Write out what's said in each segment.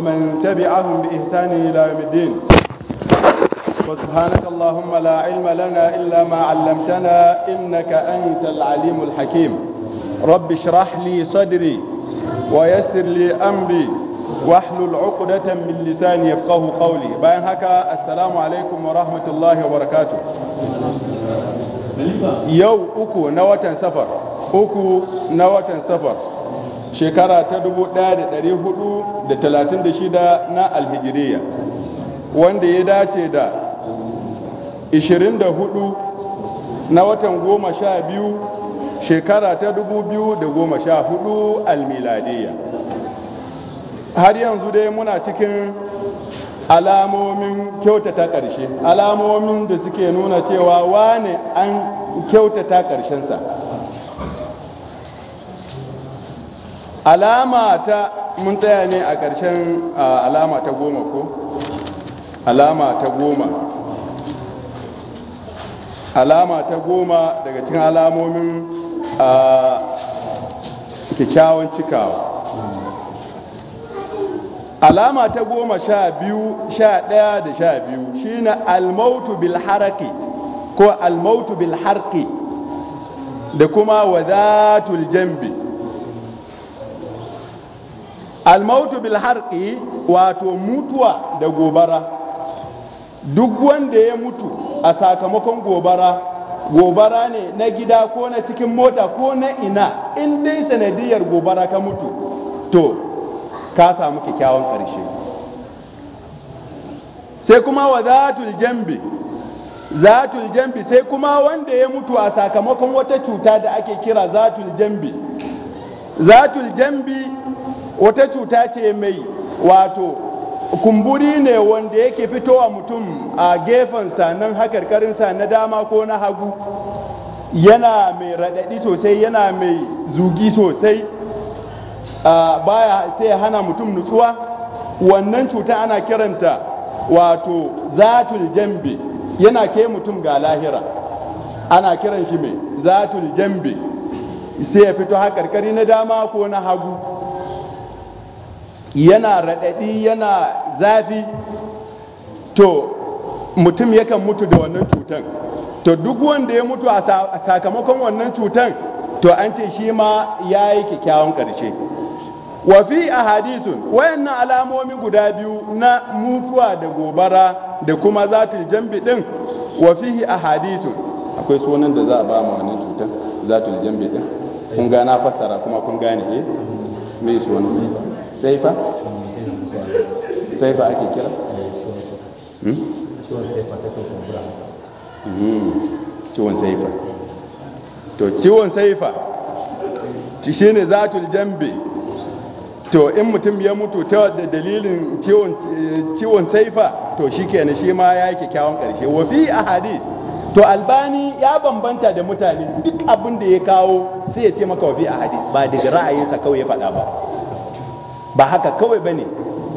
ومن تبعهم بإحسان إلى يوم الدين وسبحانك اللهم لا علم لنا إلا ما علمتنا إنك أنت العليم الحكيم رب اشرح لي صدري ويسر لي أمري واحلل عقدة من لساني يفقه قولي بيان هكا السلام عليكم ورحمة الله وبركاته يو أكو نوة سفر أكو نوة سفر shekara ta 1436 na alhijiriya wanda ya dace da 24 na watan 12 shekara ta 2014 almiladiya har yanzu dai muna cikin alamomin kyautata ƙarshe alamomin da suke nuna cewa wane an kyautata ƙarshensa alama ta mun tsaya ne a ƙarshen alama ta goma ko alama ta goma alama ta goma daga cikin alamomin kyakkyawan cikawa alama ta goma sha biyu sha ɗaya da sha biyu shi shine almautu bilharaki ko almautu bilharki da kuma wadatul jambi almautu bil wato mutuwa da gobara duk wanda ya mutu a sakamakon gobara gobara ne na gida ko na cikin mota ko na ina in dai sanadiyar gobara ka mutu to ka samu kyakkyawan ƙarshe sai kuma wa zatul jambi zatul jambi sai kuma wanda ya mutu a sakamakon wata cuta da ake kira zatul jambi zatul jambi wata cuta ce mai wato kumburi ne wanda yake fitowa mutum a gefen gefensa nan sa na dama ko na hagu yana mai raɗaɗi sosai yana mai zugi sosai baya sai hana mutum nutsuwa wannan cuta ana kiranta wato zatul jambe yana kai mutum ga lahira ana kiran shi mai zatul jambe sai ya fito hakarkari na dama ko na hagu yana raɗaɗi yana zafi to mutum yakan mutu da wannan cutan to duk wanda ya mutu a sakamakon wannan cutan to an ce shi ma ya yi kyakkyawan ƙarshe wafi a hadisun wayannan alamomi guda biyu na mutuwa da gobara da kuma zatul jambi biɗin wafihi a hadisun akwai sunan da za a ba ma wannan cutan zatul jambi biɗin? kun gana fassara kuma kun gane eh mai sunan sai fa sai fa ake kira hmm? Hmm. ciwon saifa to ciwon saifa shi ne zatul jambe to in mutum ya mutu ta da dalilin ciwon saifa to shi kenan shi ma ya yi kyakkyawan ƙarshe wafi a hadi to albani ya bambanta da mutane duk abin da ya kawo sai ya ce maka wafi a hadi ba daga ra'ayinsa kawai ya faɗa ba ba haka kawai bane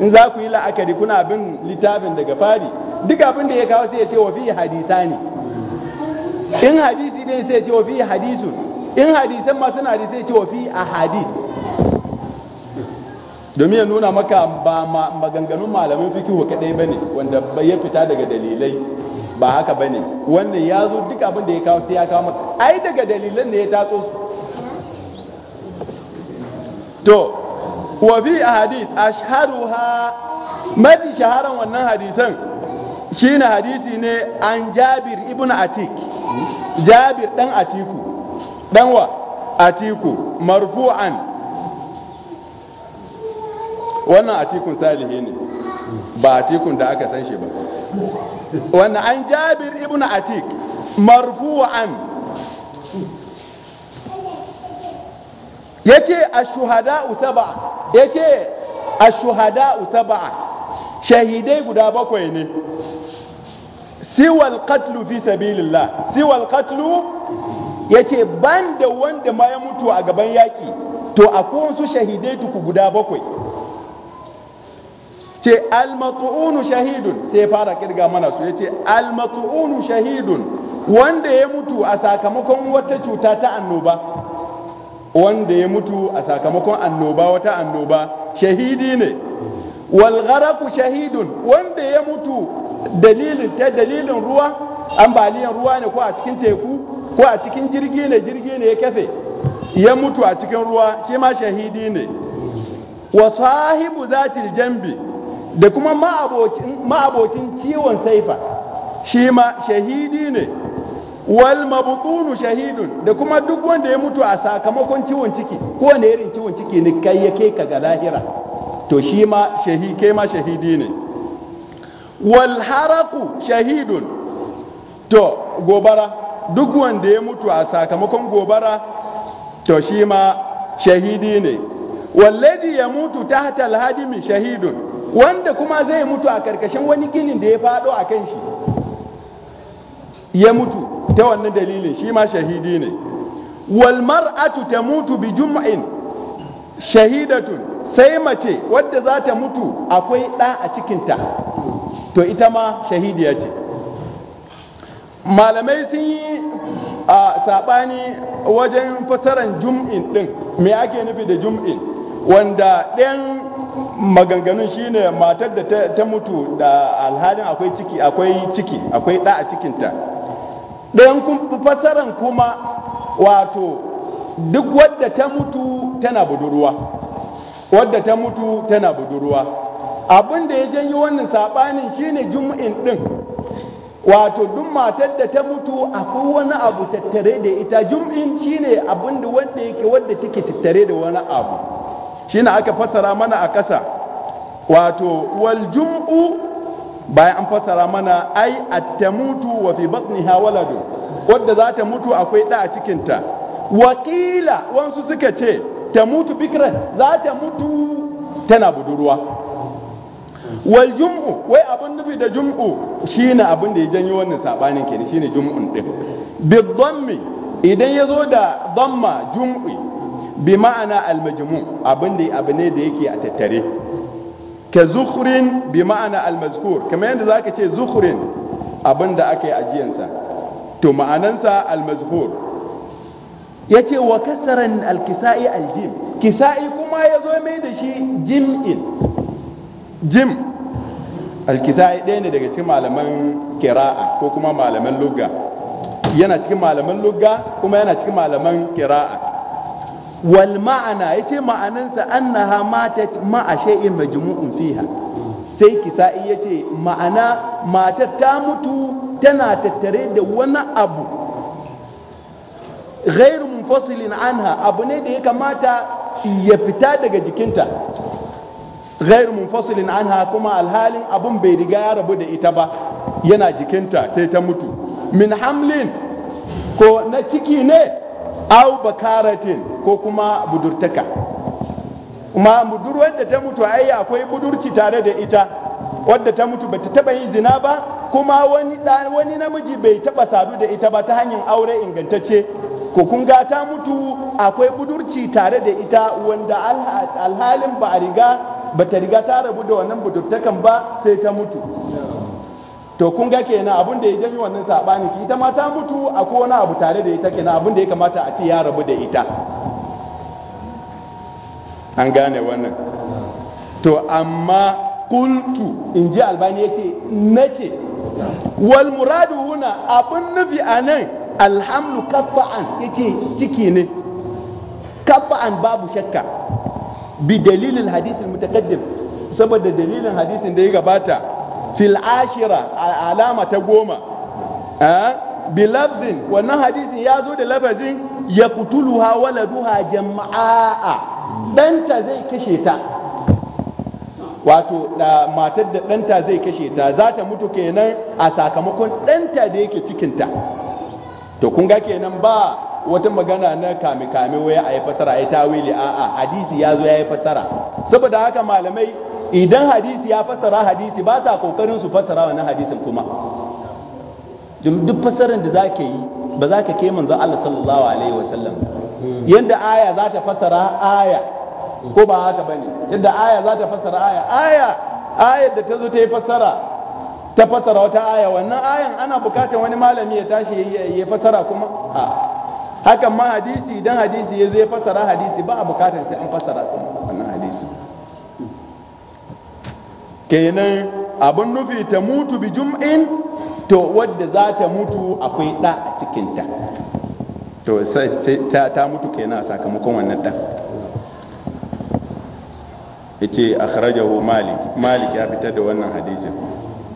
in za ku yi la'akari kuna bin littafin daga fari duk abin da ya kawo sai ya ce wa fi hadisa ne in hadisi ne sai ya ce wa fi hadisu, in hadisan ma suna da sai ya ce wa fi hadis domin ya nuna maka ba maganganun malamin fikihu kadai bane wanda bai ya fita daga dalilai ba haka bane wannan ya zo duk abin da ya kawo sai ya kawo maka ai daga dalilan ne ya taso su to wa bi ahadith ashharuha mafi shaharan wannan hadisan shine hadisi ne an Jabir ibn Atik Jabir dan Atiku dan wa Atiku marfu'an wannan Atikun salihi ne ba Atikun da aka san shi ba wannan an Jabir ibn Atik marfu'an yace ash-shuhada'u sab'a ya ce a shuhada shahidai guda bakwai ne siwal katlu fi sabilillah siwal katlu ya ce ban da wanda ma ya mutu a gaban yaƙi to a su shahidai tuku guda bakwai ce almatu'unu shahidun sai fara kirga mana su ya ce almatu'unu shahidun wanda ya mutu a sakamakon wata cuta ta annoba wanda ya mutu a sakamakon annoba wata annoba shahidi ne walgharaku shahidun wanda ya mutu dalilin ta dalilin ruwa ambaliyan ruwa ne ko a cikin teku ko a cikin jirgi ne jirgi ne ya kafe ya mutu a cikin ruwa shi ma shahidi ne wa sahibu zatil jambi da kuma ma'abocin ciwon saifa shi ma shahidi ne wal shahidun da kuma duk wanda ya mutu a sakamakon ciwon ciki ko wanda irin ciwon ciki ne kai ya ke ka ga lahira to shi ma shahi kai ma shahidi ne wal shahidun to gobara duk wanda ya mutu a sakamakon gobara to shi ma shahidi ne walladi ya mutu tahta alhadimi shahidun wanda kuma zai mutu a karkashin wani ginin da ya fado a kan shi ya mutu ta wannan dalili shi ma shahidi ne wal mar'atu tamutu bi jum'in shahidatun sai mace wadda za ta mutu akwai ɗa a cikinta to ita ma shahidiya ce malamai sun yi a saɓani wajen fasaran jum'in ɗin me ake nufi da jum'in wanda ɗayan maganganun shine matar da ta mutu da alhalin akwai ciki akwai ciki akwai ɗa a cikinta ɗayan fasaran kuma wato duk wadda ta mutu tana budurwa wadda ta mutu tana budurwa abin da ya janyo wannan saɓanin shine jumu'in ɗin wato duk matar da ta mutu akwai wani abu tattare da ita jumu'in shine abin da wanda yake wadda take tattare da wani abu shine aka fasara mana a ƙasa wato wal jumu'u bayan an fassara mana ai attamutu wa fi batniha waladu wadda za ta mutu akwai ɗa a cikinta wakila wansu suka ce tamutu bikra za ta mutu tana budurwa wal jum'u wai abin nufi da jum'u shine abin da ya janyo wannan sabanin kenan shine jum'un din bi dhammi idan ya zo da dhamma jum'u bi ma'ana al majmu' abin da abu ne da yake a tattare ka zuhurin bi ma'ana almazkur kamar yadda zaka ce zukhrin abinda aka yi ajiyansa to ma'anansa almazkur ce wa kasaran alkisa'i aljim kisa'i kuma ya zo mai da shi jim'in jim alkisa'i ɗaya ne daga cikin malaman kira'a ko kuma malaman lugga yana cikin malaman lugga kuma yana cikin malaman kira'a Walma'ana ma'ana yace ma'anansa annaha matat ma'a shay'in majmu'un fiha sai kisa'i yace ma'ana matar ta mutu tana tattare da wani abu ghairu munfasilin anha abu ne da ya kamata ya fita daga jikinta ghairu munfasilin anha kuma alhalin abun bai riga ya rabu da ita ba yana jikinta sai ta mutu min hamlin ko na ciki ne au bakaratin ko kuma budurtaka kuma budurwar da ta mutu ai akwai budurci tare da ita wadda ta mutu bata taba yin zina ba kuma wani wani namiji bai taba sadu da ita ba ta hanyar aure ingantacce ko kun ga ta mutu akwai budurci tare da ita wanda alhalin ba a riga bata riga ta rabu da wannan budurtakan ba sai ta mutu to kun ga kenan abin da ya jami wannan sabani ki ita ma ta mutu a wani abu tare da ita kenan abin da ya kamata a ce ya rabu da ita an gane wannan to amma kultu in ji albani ya ce na ce wal muradu huna abin nufi a nan alhamdu kafa'an ya ce ciki ne kafa'an babu shakka bi dalilin hadisin mutakaddim saboda dalilin hadisin da ya gabata fil ashira alama ta goma bilabdin wannan hadisin ya zo da lafazin ya wala waladuha jama'a ɗanta zai kashe ta wato da matar da ɗanta zai kashe ta za ta mutu kenan a sakamakon ɗanta da yake cikinta to kun ga kenan ba wata magana na kame kame waya a yi fasara a yi tawili a'a hadisi ya zo ya yi fasara saboda haka malamai idan hadisi ya fassara hadisi ba sa kokarin su fassara wannan hadisin kuma duk fassarar da zake yi ba za ka kai manzon Allah sallallahu alaihi wasallam yadda aya za ta fassara aya ko ba haka bane yadda aya za ta fassara aya aya ayar da ta zo ta yi fassara ta fassara wata aya wannan ayan ana bukatar wani malami ya tashi ya yi fassara kuma a hakan ma hadisi idan hadisi ya zo ya fassara hadisi ba a bukatar sai an fassara kenan abin nufi ta mutu bi jum'in to wadda za ta mutu akwai ɗa a cikinta to sai ta mutu kenan a sakamakon wannan ɗan yace akhrajahu malik malik ya fitar da wannan hadisin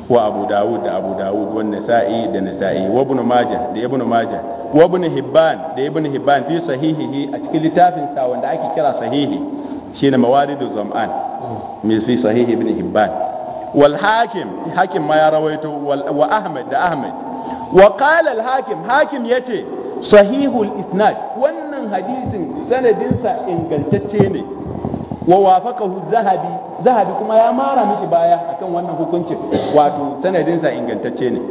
ko abu dawud da abu dawud wa sa'i da nasa'i wa ibn majah da ibn majah wa ibn hibban da ibn hibban fi sahihihi a cikin littafin sa wanda ake kira sahihi shine mawaridu zam'an min fi sahihi ibn hibban wal hakim hakim ma ya rawaito wa ahmad da ahmad wa qala al hakim hakim yace sahihul isnad wannan hadisin sanadinsa ingantacce ne wa wafaqahu zahabi zahabi kuma ya mara mishi baya akan wannan hukuncin wato sanadinsa ingantacce ne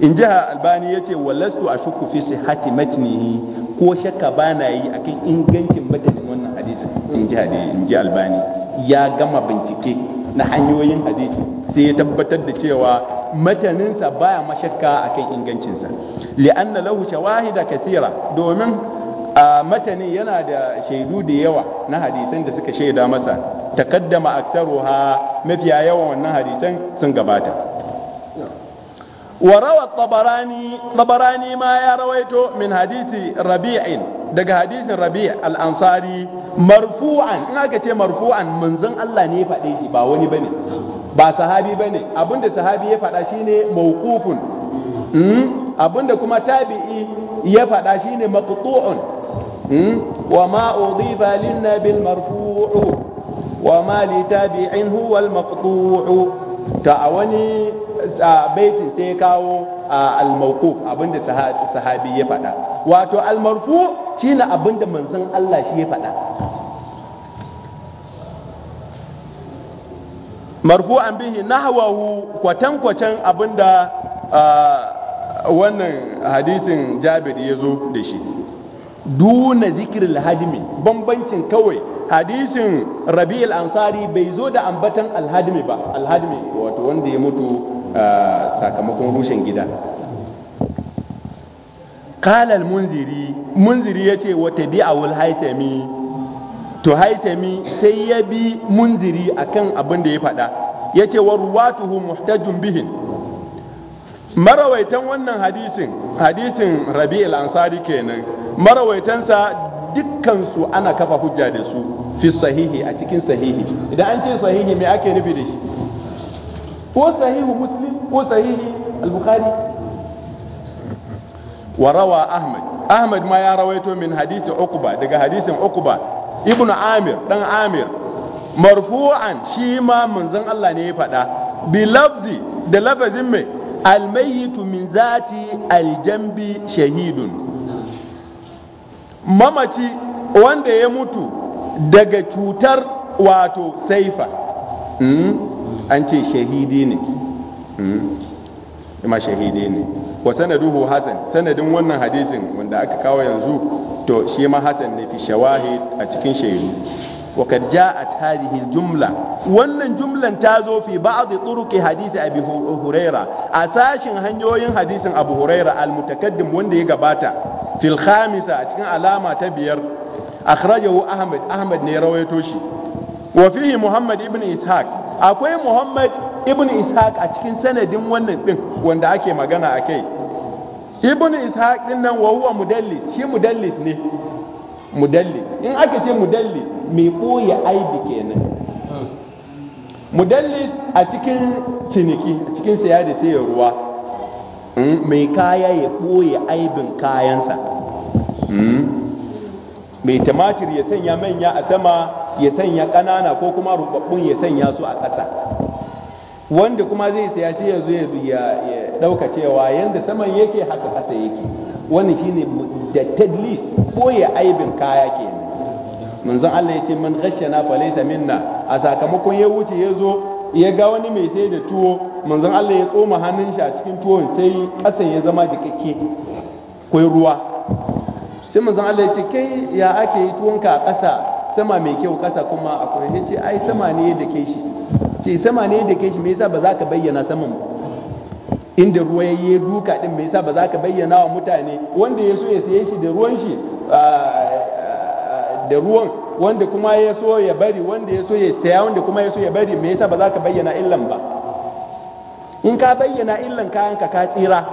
in jiha albani ya ce walastu a shukku fi sihati matnihi ko shakka bana na yi akan ingancin matanin wannan hadisin in jiha da in ji albani ya gama bincike na hanyoyin hadisi sai ya tabbatar da cewa mataninsa baya mashakka kan ingancinsa li'anna lahu shawahida kathira domin a matanin yana da shaidu da yawa na hadisan da suka shaida masa takaddama aktaruha mafiya yawan wannan hadisan sun gabata وروى الطبراني طبراني ما يرويته من حديث ربيع daga hadisin rabi al’ansari marfu’an in aka ce marfu’an manzon Allah ne faɗe shi ba wani bane ba sahabi bane abinda sahabi ya faɗa shine mawqufun abinda kuma tabi'i ya faɗa shine maqtu'un wa ma udhifa lin nabil marfu'u wa ma tabi'in huwa al maqtu'u ta a wani baitin sai ya kawo almarku abinda sahabi ya faɗa wato almarku shi shine abinda manzan Allah shi ya faɗa an bihi kwatan kwatankwacen abinda wannan hadisin jabir ya zo da shi duna zikirin alhadimi bambancin kawai hadisin rabi ansari bai zo da ambatan alhadimi ba alhadimi wato wanda ya mutu sakamakon rushin gida kalal munziri munziri ya ce wata wul haitami to haitami sai ya bi munziri akan abin da ya faɗa ya ce wa ruwatuhu muhtajun bihin marawaitan wannan hadisin hadisin rabi'il ansari kenan marawaitansa dukkansu ana kafa hujja da su fi sahihi a cikin sahihi idan an ce sahihi me ake nufi da shi ko sahihu muslim ko sahihi al-bukhari wa rawa ahmad ahmad ma ya rawaito min hadisi uqba daga hadisin uqba ibnu amir dan amir marfu'an shi ma manzon Allah ne ya faɗa bi lafzi da lafazin mai almayitu min zati aljambi shahidun mamaci wanda ya mutu daga cutar wato saifa an ce shahidi ne hmm? ma shahidi ne wa sanaduhu hasan sanadin wannan hadisin wanda aka kawo yanzu to shi ma hasan ne fi shawahid a cikin shaidu wa kad ja'at hadhihi jumla wannan jumlan ta zo fi ba'd turuqi hadisi abi huraira a sashin hanyoyin hadisin abu huraira al-mutakaddim wanda ya gabata fil khamisa a cikin alama ta biyar akhrajahu ahmad ahmad ne rawaito shi wa fihi muhammad ibn ishaq akwai muhammad ibn ishaq a cikin sanadin wannan din wanda ake magana a kai ibn ishaq din nan wahuwa mudallis shi mudallis ne mudallis in aka ce mudallis mai ɓoye aibi kenan mudallis a cikin ciniki a cikin saya da ya ruwa hmm, mai kaya ya ɓoye aibin kayansa hmm. mai tumatir ya sanya manya a sama ya sanya ƙanana ko kuma rubabbun ya sanya su a ƙasa wanda kuma zai saya sai ya zo ya ɗauka cewa yadda saman yake haka ƙasa yake wani shine da tadlis ya aibin kaya ke manzon Allah ya ce man gashe na laysa minna a sakamakon ya wuce ya zo ya ga wani mai sai da tuwo manzon Allah ya tsoma hannun shi a cikin tuwon sai ƙasan ya zama jikakke akwai ruwa sai manzon Allah ya ce kai ya ake yi tuwonka a ƙasa sama mai kyau ƙasa kuma akwai ya ce ai sama ne da ke shi ce sama ne da ke shi me yasa ba za ka bayyana saman ba inda ruwa ya yi duka din me yasa ba za ka bayyana wa mutane wanda ya so ya saye shi da ruwan shi da ruwan wanda kuma ya so ya bari wanda ya so ya saya wanda kuma ya so ya bari me yasa ba za ka bayyana illan ba in ka bayyana illan kayan ka ka tsira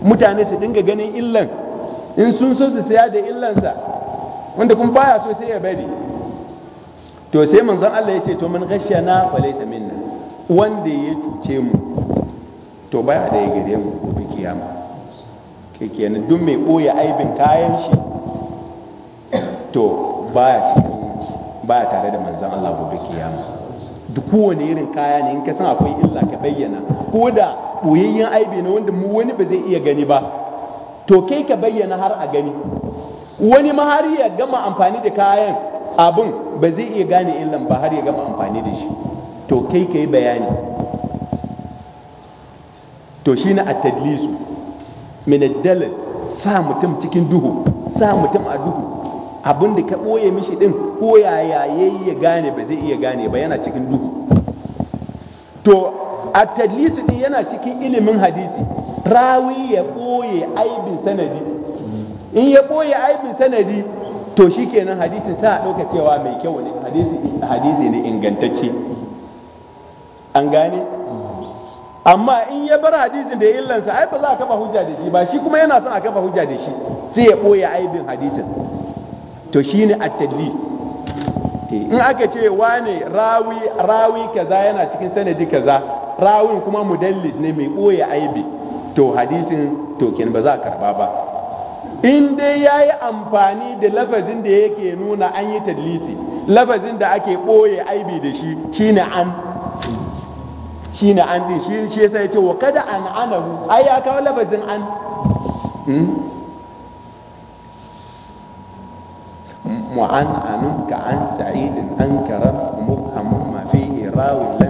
mutane su dinga ganin illan in sun so su siya da illansa wanda kuma baya so sai ya bari to sai manzon Allah ya ce to man ghashana fa laysa minna wanda ya cuce mu to baya da ya gare mu gobe kiyama Ke kenan duk mai boye aibin kayan shi to baya baya tare da manzon Allah gobe kiyama duk kowane irin kaya ne in ka san akwai illa ka bayyana ko da boyayyen aibi ne wanda mu wani ba zai iya gani ba to kai ka bayyana har a gani wani ma har ya gama amfani da kayan abin ba zai iya gane illan ba har ya gama amfani da shi to kai ka yi bayani to shi na atadlisu minadalas sa mutum cikin duhu sa mutum a duhu abin da ka ɓoye mishi ɗin ko yaya ya gane ba zai iya gane ba yana cikin duhu to atadlisu ɗin yana cikin ilimin hadisi rawi ya koye aibin sanadi in ya koye aibin sanadi to shi kenan hadisin sa a ɗauka cewa mai kyau ne hadisi ne ingantacce an gane amma in ya bar hadisin da illansa ai ba za a kafa hujja da shi ba shi kuma yana son a kafa hujja da shi sai ya koya aibin hadisin to shi ne eh, in aka ce wane rawi rawi kaza yana cikin sanadi kaza rawin kuma mudallis ne mai ɓoye aibi to hadisin to kin ba za a karba ba in dai ya yi amfani da lafazin da yake nuna an yi tadlisi lafazin da ake ɓoye aibi da shi shine an shine an din shi shi ya ce wa kada an anahu ai ya kawo lafazin an hmm? an anun ka an sa'idin an karam amma ma fihi la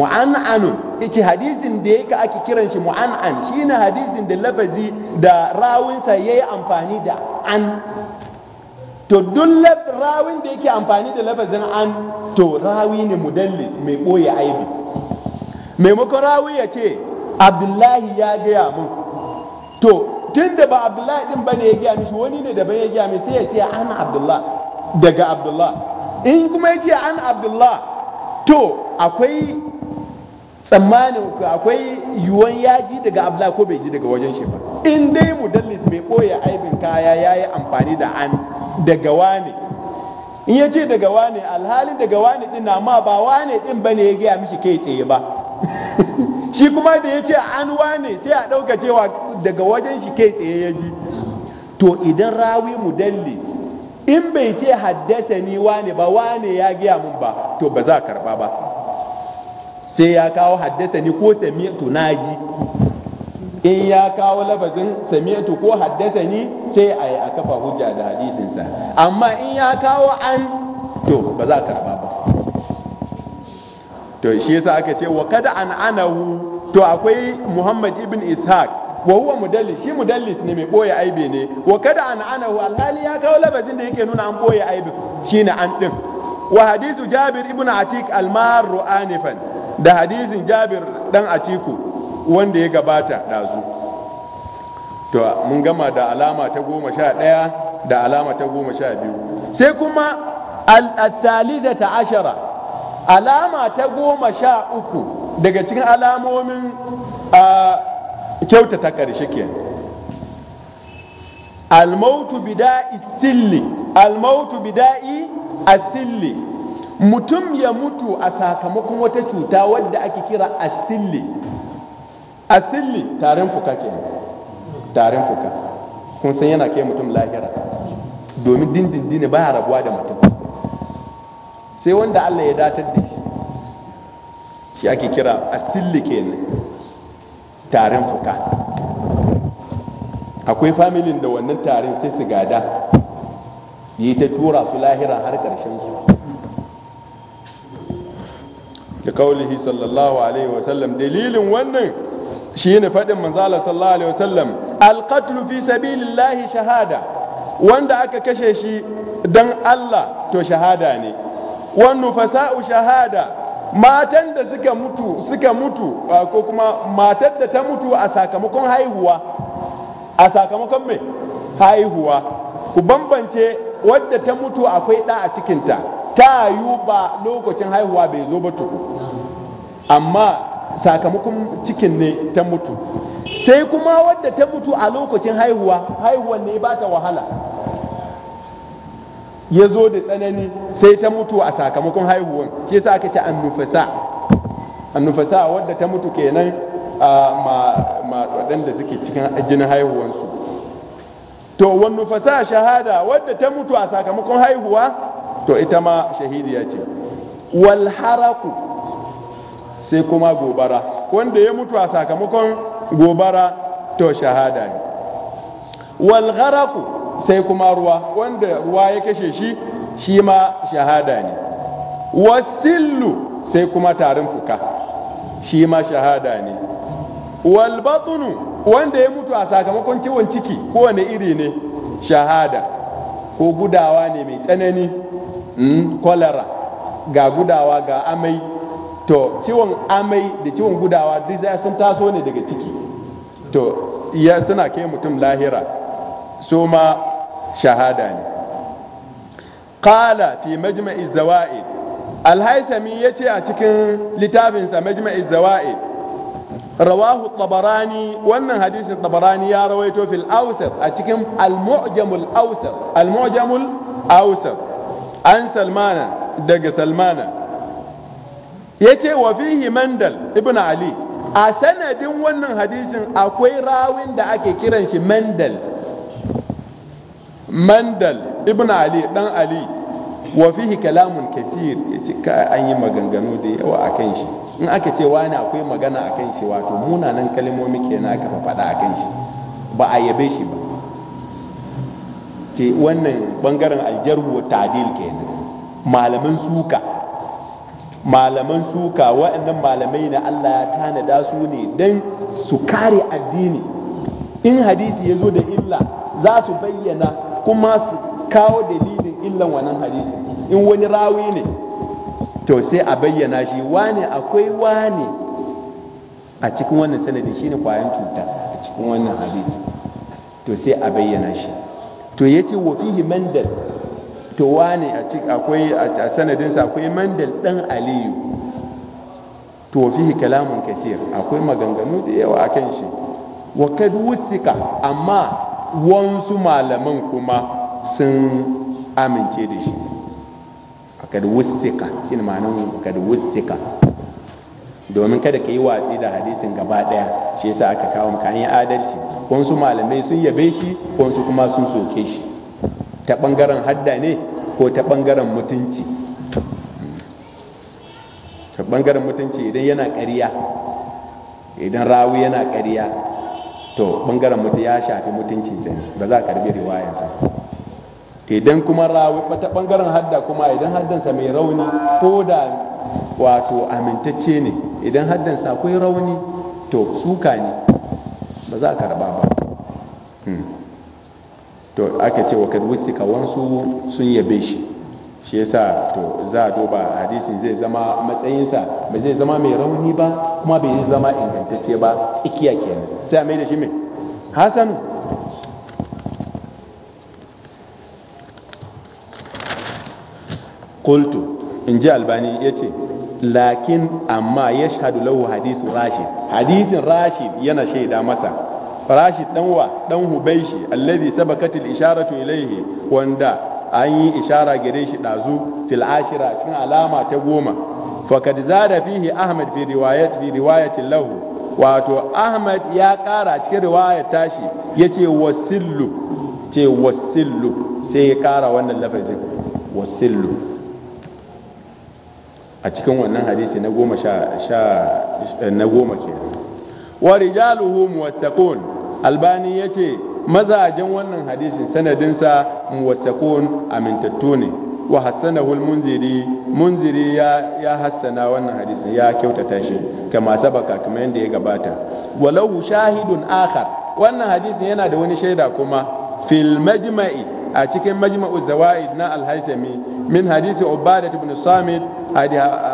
mu'an'anu yace hadisin da yake ake kiran shi mu'an'an shine hadisin da lafazi da rawinsa yayi amfani da an to duk rawin da yake amfani da lafazin an to rawi ne mudalli mai boye aibi maimakon rawi ya ce abdullahi ya gaya mun to tun da ba abdullahi din bane ya gaya mishi wani ne daban ya gaya mishi sai ya ce an abdullah daga abdullah in kuma ya ce an abdullah to akwai tsammanin ku akwai yiwuwan yaji daga abla ko bai ji daga wajen shi ba in dai mudallis mai ɓoye aibin kaya ya yi amfani da an daga wane in ya ce daga wane alhalin daga wane din na ma ba wane din ba ne ya gaya mishi kai tsaye ba shi kuma da ya ce an wane sai a ɗauka cewa daga wajen shi kai tsaye ya ji to idan rawi mudallis in bai ce haddasa ni wane ba wane ya gaya mun ba to ba za a karba ba sai ya kawo haddasa ni ko samiyatu na ji in ya kawo lafazin samiyatu ko haddasa ni sai a yi a kafa hujja da hadisinsa amma in ya kawo an to ba za ka ba to shi yasa aka ce wa kada an anahu to akwai muhammad ibn ishaq wa huwa mudallis shi mudallis ne mai boye aibe ne wa kada an anahu alhali ya kawo lafazin da yake nuna an boye shi shine an din wa hadithu jabir ibn atik almaru anifan da hadisin jabir dan atiku wanda ya gabata ɗazu to mun gama da alama ta goma sha ɗaya da alama ta goma sha biyu sai kuma al-thalida ta ashara alama ta goma sha uku daga cikin alamomin kyauta ta ƙarshe kenan bida'i بداء السل الموت بداء mutum ya mutu a sakamakon wata cuta wadda ake kira asili asili tarin fuka ke tarin fuka kun san yana kai mutum lahira domin dindindini ne baya rabuwa da mutum sai wanda allah ya datar da shi shi ake kira asili ke tarin fuka akwai familin da wannan tarin sai su gada yi ta tura su lahira har ƙarshen su da kaulihi sallallahu alaihi wa sallam dalilin wannan shi ne faɗin manzala sallallahu alaihi wa sallam alqatlu fi sabilillahi shahada wanda aka kashe shi dan Allah to shahada ne wannan fasa'u shahada matan da suka mutu suka mutu ko kuma matar da ta mutu a sakamakon haihuwa a sakamakon me haihuwa ku bambance wadda ta mutu akwai ɗa a cikinta ta yiwu ba lokacin haihuwa bai zo ba tuku amma sakamakon cikin ne ta mutu sai kuma wadda ta mutu a lokacin haihuwa haihuwan ne ba ta wahala ya zo da tsanani sai ta mutu a sakamakon haihuwan shi sa aka ce annufasa annufasa wadda ta mutu kenan ma waɗanda suke cikin jinin haihuwansu to wannufasa shahada wadda ta mutu a sakamakon haihuwa to ita ma shahidiya ce wal haraku sai kuma gobara wanda ya mutu a sakamakon gobara to shahada ne wal gharaku sai kuma ruwa wanda ruwa ya kashe shi shi ma shahada ne wasillu sai kuma tarin fuka shi ma shahada ne wal wanda ya mutu a sakamakon ciwon ciki kowane iri ne shahada ko gudawa ne mai tsanani Hmm? kwalara ga gudawa ga amai to ciwon amai da ciwon gudawa duk sun taso ne daga ciki to ya suna kai mutum lahira so ma shahada ne qala fi majma'i zawaid alhaisami ya ce a cikin littafinsa majma'i zawaid rawahu tabarani wannan hadisin tabarani ya rawaito fil awsat a cikin al-mu'jamul awsat al-mu'jamul awsat an salmana daga salmana ya ce wa fihi mandal ibn ali a sanadin wannan hadisin akwai rawin da ake kiran shi mandal mandal ibn ali dan ali wa fihi kalamun kafir ya ce ka an yi maganganu da yawa a kan shi in aka ce wani akwai magana a kan shi wato munanan kalmomi kenan aka faɗa a kan shi ba a yabe shi ba ce wannan bangaren aljarhu wa ta'dil kenan malaman suka malaman suka waɗannan malamai na Allah ya tanada su ne dan su kare addini in hadisi ya da illa za su bayyana kuma su kawo dalilin illan wannan hadisi in wani rawi ne to sai a bayyana shi wane akwai wane a cikin wannan sanadi shine kwayan cuta a cikin wannan hadisi to sai a bayyana shi to ya ce wa fihi mandal to wane a akwai a sanadinsa akwai mandal ɗan aliyu to wa fihi kalamun kafir akwai maganganu da yawa a kan shi wa kad wuthika amma wansu malaman kuma sun amince da shi kad wuthika shine ma'anar kad wuthika domin kada ka yi watsi da hadisin gaba daya shi yasa aka kawo maka an adalci wasu malamai sun yabe shi wasu kuma sun soke shi ta ɓangaren hadda ne ko ta ɓangaren mutunci ta ɓangaren mutunci idan yana ƙarya idan rawu yana ƙarya to ɓangaren mutu ya shafi mutuncinsa ne ba za a karbi riwayansa idan kuma rawi ta ɓangaren hadda kuma idan haddansa mai rauni ko da wato amintacce ne idan haddansa akwai rauni to suka ne ba za a karba ba hmm. to aka ce wa wuce kawansu sun yabe shi shi yasa to za a duba hadisin zai zama matsayinsa ba zai zama mai rauni ba kuma bai zai zama ingantacce ba tsakiya kenan sai a mai da shi mai hasan kultu in ji albani ya ce lakin amma ya shahadu lahu hadisu rashid hadisin rashid yana shaida masa rashid danwa dan hubaishi alladhi sabakatil isharatu ilayhi wanda an yi ishara gare shi dazu fil ashira cikin alama ta goma Fakadza zada fihi ahmad fi riwayat fi lahu wato ahmad ya kara cikin waya tashi yace wasillu ce wasillu sai ya kara wannan lafazin wasillu a cikin wannan hadisi na goma sha na goma ke wa rijaluhu muwattaqun albani yace mazajen wannan hadisin sanadinsa muwattaqun amintattu ne wa hassanahu munziri munziri ya ya hassana wannan hadisin ya kyautata shi kama sabaka kamar yadda ya gabata walau shahidun akhar wannan hadisin yana da wani shaida kuma fil majma'i a cikin majma'u zawaid na al min hadisi ubada ibn samit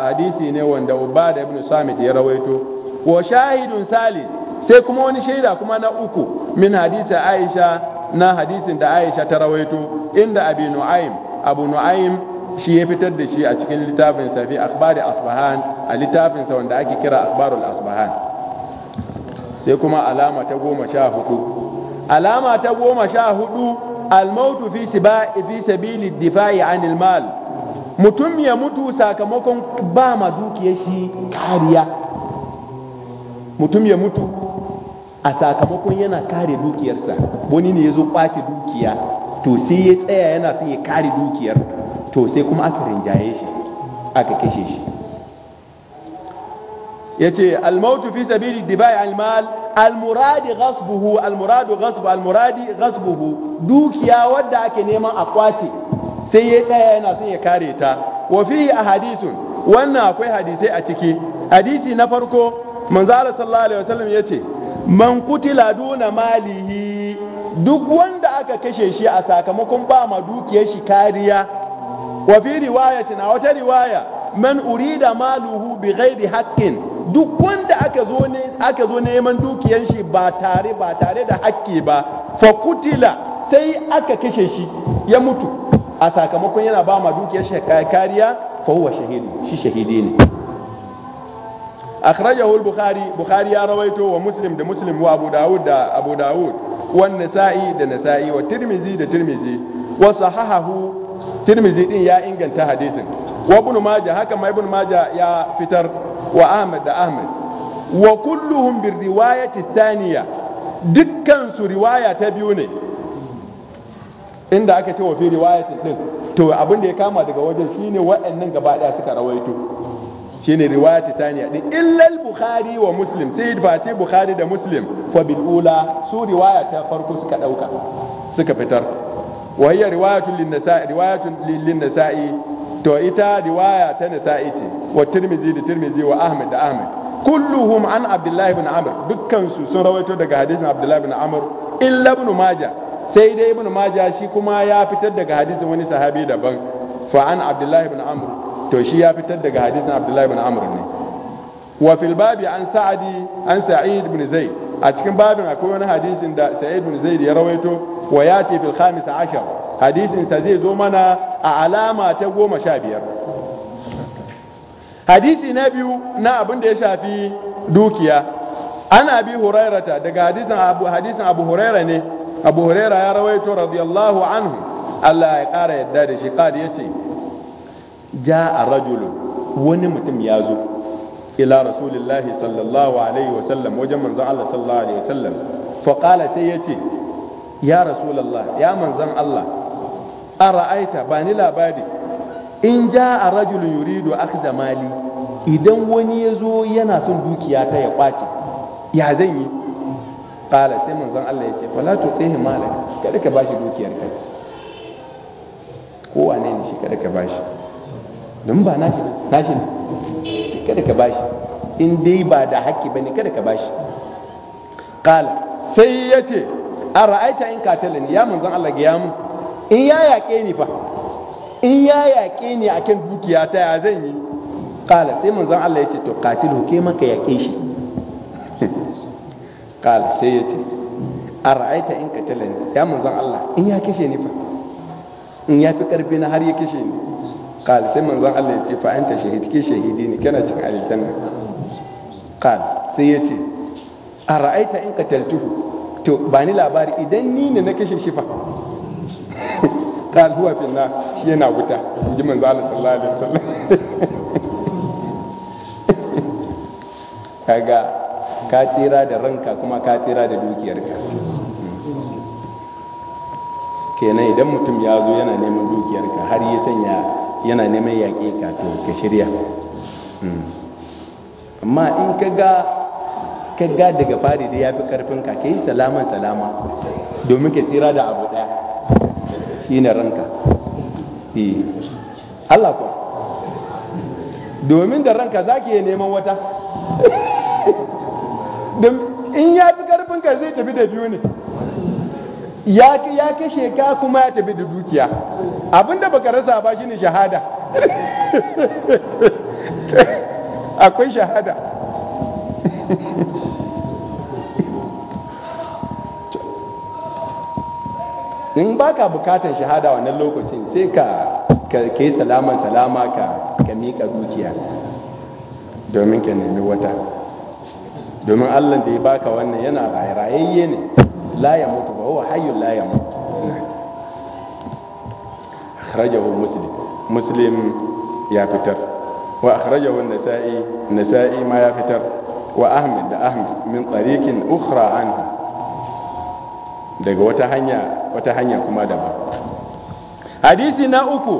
hadisi ne wanda ubada ibn samit ya rawaito wa shahidun salis sai kuma wani shaida kuma na uku min hadisi aisha na hadisin da aisha ta rawaito inda abi nu'aim abu nu'aim shi ya fitar da shi a cikin littafin safi akhbari asbahan a littafin sa wanda ake kira akhbarul asbahan sai kuma alama ta goma sha hudu alama ta goma sha hudu almautu fi fi sabili difa'i anil mal mutum ya mutu sakamakon ba ma dukiyar shi kariya mutum ya mutu a sakamakon yana kare dukiyarsa wani ne ya zo kwace dukiya to sai ya tsaya yana son ya kare dukiyar to sai kuma aka rinjaye shi aka kashe shi ya ce almautu fi sabili dibai almal almuradi ghasbuhu almuradu ghasbu almuradi ghasbuhu dukiya wadda ake neman a sai ya tsaya yana son ya kare ta wa fihi ahadithun wannan akwai hadisai a ciki hadisi na farko manzo Allah sallallahu alaihi wasallam yace man kutila duna malihi duk wanda aka kashe shi a sakamakon ba ma dukiyar shi kariya wa fi riwayatin a wata riwaya man urida maluhu bi ghairi haqqin duk wanda aka zo neman dukiyan shi ba tare ba tare da hakki ba fa kutila sai aka kashe shi ya mutu a sakamakon yana ba ma dukiyar shi kariya fa huwa shahidu shi shahidi ne akhrajahu al-bukhari bukhari ya rawaito wa muslim da muslim wa abu daud da abu daud wa nasa'i da nasa'i wa tirmizi da tirmizi wa sahahahu tirmizi din ya inganta hadisin wa ibn majah haka ma ibn majah ya fitar وأحمد دا أحمد وكلهم بالرواية الثانية دكان سو رواية تبيوني inda aka ce wa fi riwayatin din to abin da ya kama daga wajen shine wa'annan gaba daya suka rawaito shine riwayati taniya din illal bukhari wa muslim sai face bukhari da muslim fa bil ula su riwaya ta farko suka dauka suka fitar wa hiya riwayatun lin nasa'i riwayatun lin nasa'i to ita riwaya ta nisa'i ce wa tirmidhi da tirmidhi wa ahmad da ahmad kulluhum an abdullahi ibn amr dukkan su sun rawaito daga hadisin abdullahi ibn amr illa ibn majah sai dai ibn majah shi kuma ya fitar daga hadisin wani sahabi daban fa an abdullahi ibn amr to shi ya fitar daga hadisin abdullahi ibn amr ne wa fil babi an sa'adi an sa'id ibn zayd a cikin babin akwai wani hadisin da sa'id ibn zayd ya rawaito wa yati fil khamis ashar hadisinsa zai zo mana a alama ta goma sha biyar hadisi na biyu na abin da ya shafi dukiya ana bi hurairata daga hadisin abu hadisin abu huraira ne abu huraira ya rawaito radiyallahu anhu Allah ya kara yadda da shi ya ce. Ja a rajulu. wani mutum ya zo ila rasulillahi sallallahu alaihi wa sallam wajen manzon Allah sallallahu alaihi wa sallam fa sai ya ce. ya Rasulallah, ya manzon Allah ara'aita ba ni labari in ja a rajulun yuridu da mali idan wani ya zo yana son dukiya ta ya kwace ya zan yi kala sai manzon Allah ya ce fala tuqihi malak kada ka bashi dukiyar ka ko wane ne shi kada ka bashi don ba nashi nashi ne kada ka bashi in dai ba da haƙƙi bane kada ka bashi kala sai ya ce ara'aita in katalin ya manzon Allah ga ya mun in ya yaƙe ni fa in ya yaƙe ni a kan dukiya ta ya zan yi kala sai mun zan Allah ya ce to qatilu ke maka yaƙe shi kala sai ya ce a ra'aita in ka ni, ya zan Allah in ya kashe ni fa in ya fi ƙarfi na har ya kashe ni kala sai mun zan Allah ya ce fa ta shahid ke shahidi ne kana cin nan? kala sai ya ce a ra'aita in ka qataltuhu to ba ni labari idan ni ne na kashe shi fa dan zuwa finna shi yana wuta ji manzo Allah sallallahu alaihi wasallam kaga ka tsira da ranka kuma ka tsira da dukiyarka kenan idan mutum ya zo yana neman dukiyarka har ya sanya yana neman yaƙe ka to ka shirya hmm. amma in ka ga ka ga daga fari da ya fi karfin ka ka yi salaman salama domin ka tsira da abu daya shine ranka e, Allah ko domin da ranka za ka neman wata in ya fi karfinka zai tafi da biyu ne ya kashe ka kuma ya tafi da dukiya abinda baka rasa ba shine shahada akwai shahada in ba ka bukatar shahada wannan lokacin sai ka ke salaman salama ka ka miƙa dukiya domin ka nemi wata domin allah da ya baka wannan yana rayayye ne la mutu ba wa hayu la mutu akhrajahu muslim muslim ya fitar wa akhrajahu nasa'i nasa'i ma ya fitar wa ahmad da ahmad min tariqin ukhra anhu daga wata hanya wata hanya kuma daban hadisi na uku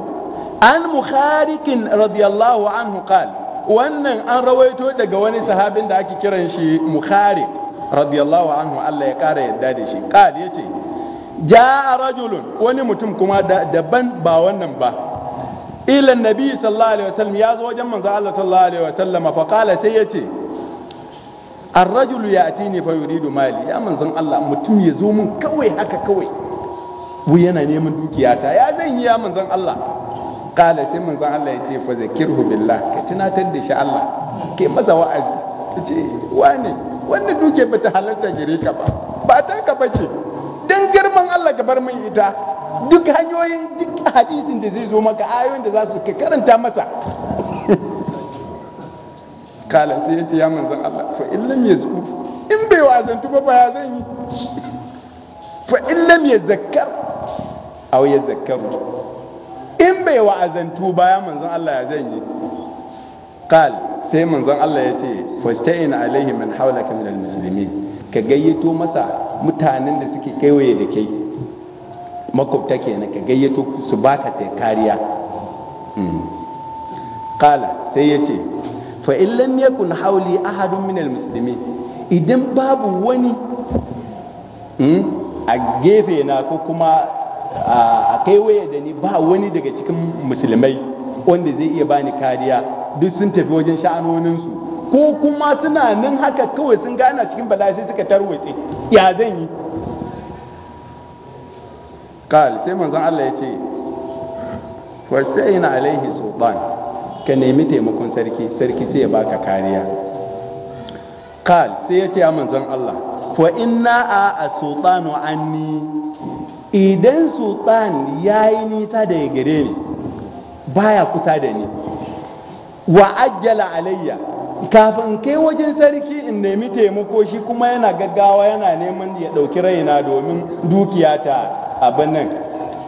an muharikin radiyallahu anhu qal wannan an rawaito daga wani sahabin da ake kiran shi mukharik radiyallahu anhu Allah ya kara yadda da shi qal yace ja'a rajulun wani mutum kuma daban ba wannan ba ila nabi sallallahu alaihi wasallam ya zo wajen manzo Allah sallallahu alaihi wasallam fa qala sai yace ar-rajulu ya'tini fa yuridu mali ya manzon Allah mutum ya zo mun kawai haka kawai wai yana neman dukiyata ya zan yi ya manzon Allah kala sai manzon Allah ya ce fa zakirhu billah ka tunatar da shi Allah ke masa wa'azi ta ce wane wannan duke ba ta halarta gare ka ba ba ta ka bace dan girman Allah ka bar min ita duk hanyoyin duk hadisin da zai zo maka ayoyin da za su ka karanta masa kala sai ya ce ya manzon Allah fa in yazku in bai wazantu ba ba ya zan yi fa in yazakkar aw yadhakkaru in bai wa'azantu baya manzon Allah ya zan yi qal sai manzon Allah ya ce fasta'in alaihi min hawlaka min almuslimin ka gayyato masa mutanen da suke kaiwaye da kai makwabta kenan ka gayyato su baka ta kariya hmm. qala sai ya ce fa in lam yakun hawli ahadun min almuslimin idan babu wani hmm, a gefe na ko kuma a kai waya da ni ba wani daga cikin musulmai wanda zai iya bani kariya duk sun tafi wajen sha'anoninsu ko kuma suna nan haka kawai sun gana cikin bala'i sai suka tarwace ya zan yi kal sai manzon Allah ya ce wasta'in alaihi sultan ka nemi taimakon sarki sarki sai ya baka kariya kal sai ya ce ya manzon Allah fa inna a sultanu anni idan sultan ya yi nisa da ya gare ni baya kusa da ni wa ajjala alayya kafin kai wajen sarki in nemi taimako shi kuma yana gaggawa yana neman ya ɗauki raina domin dukiya ta abin nan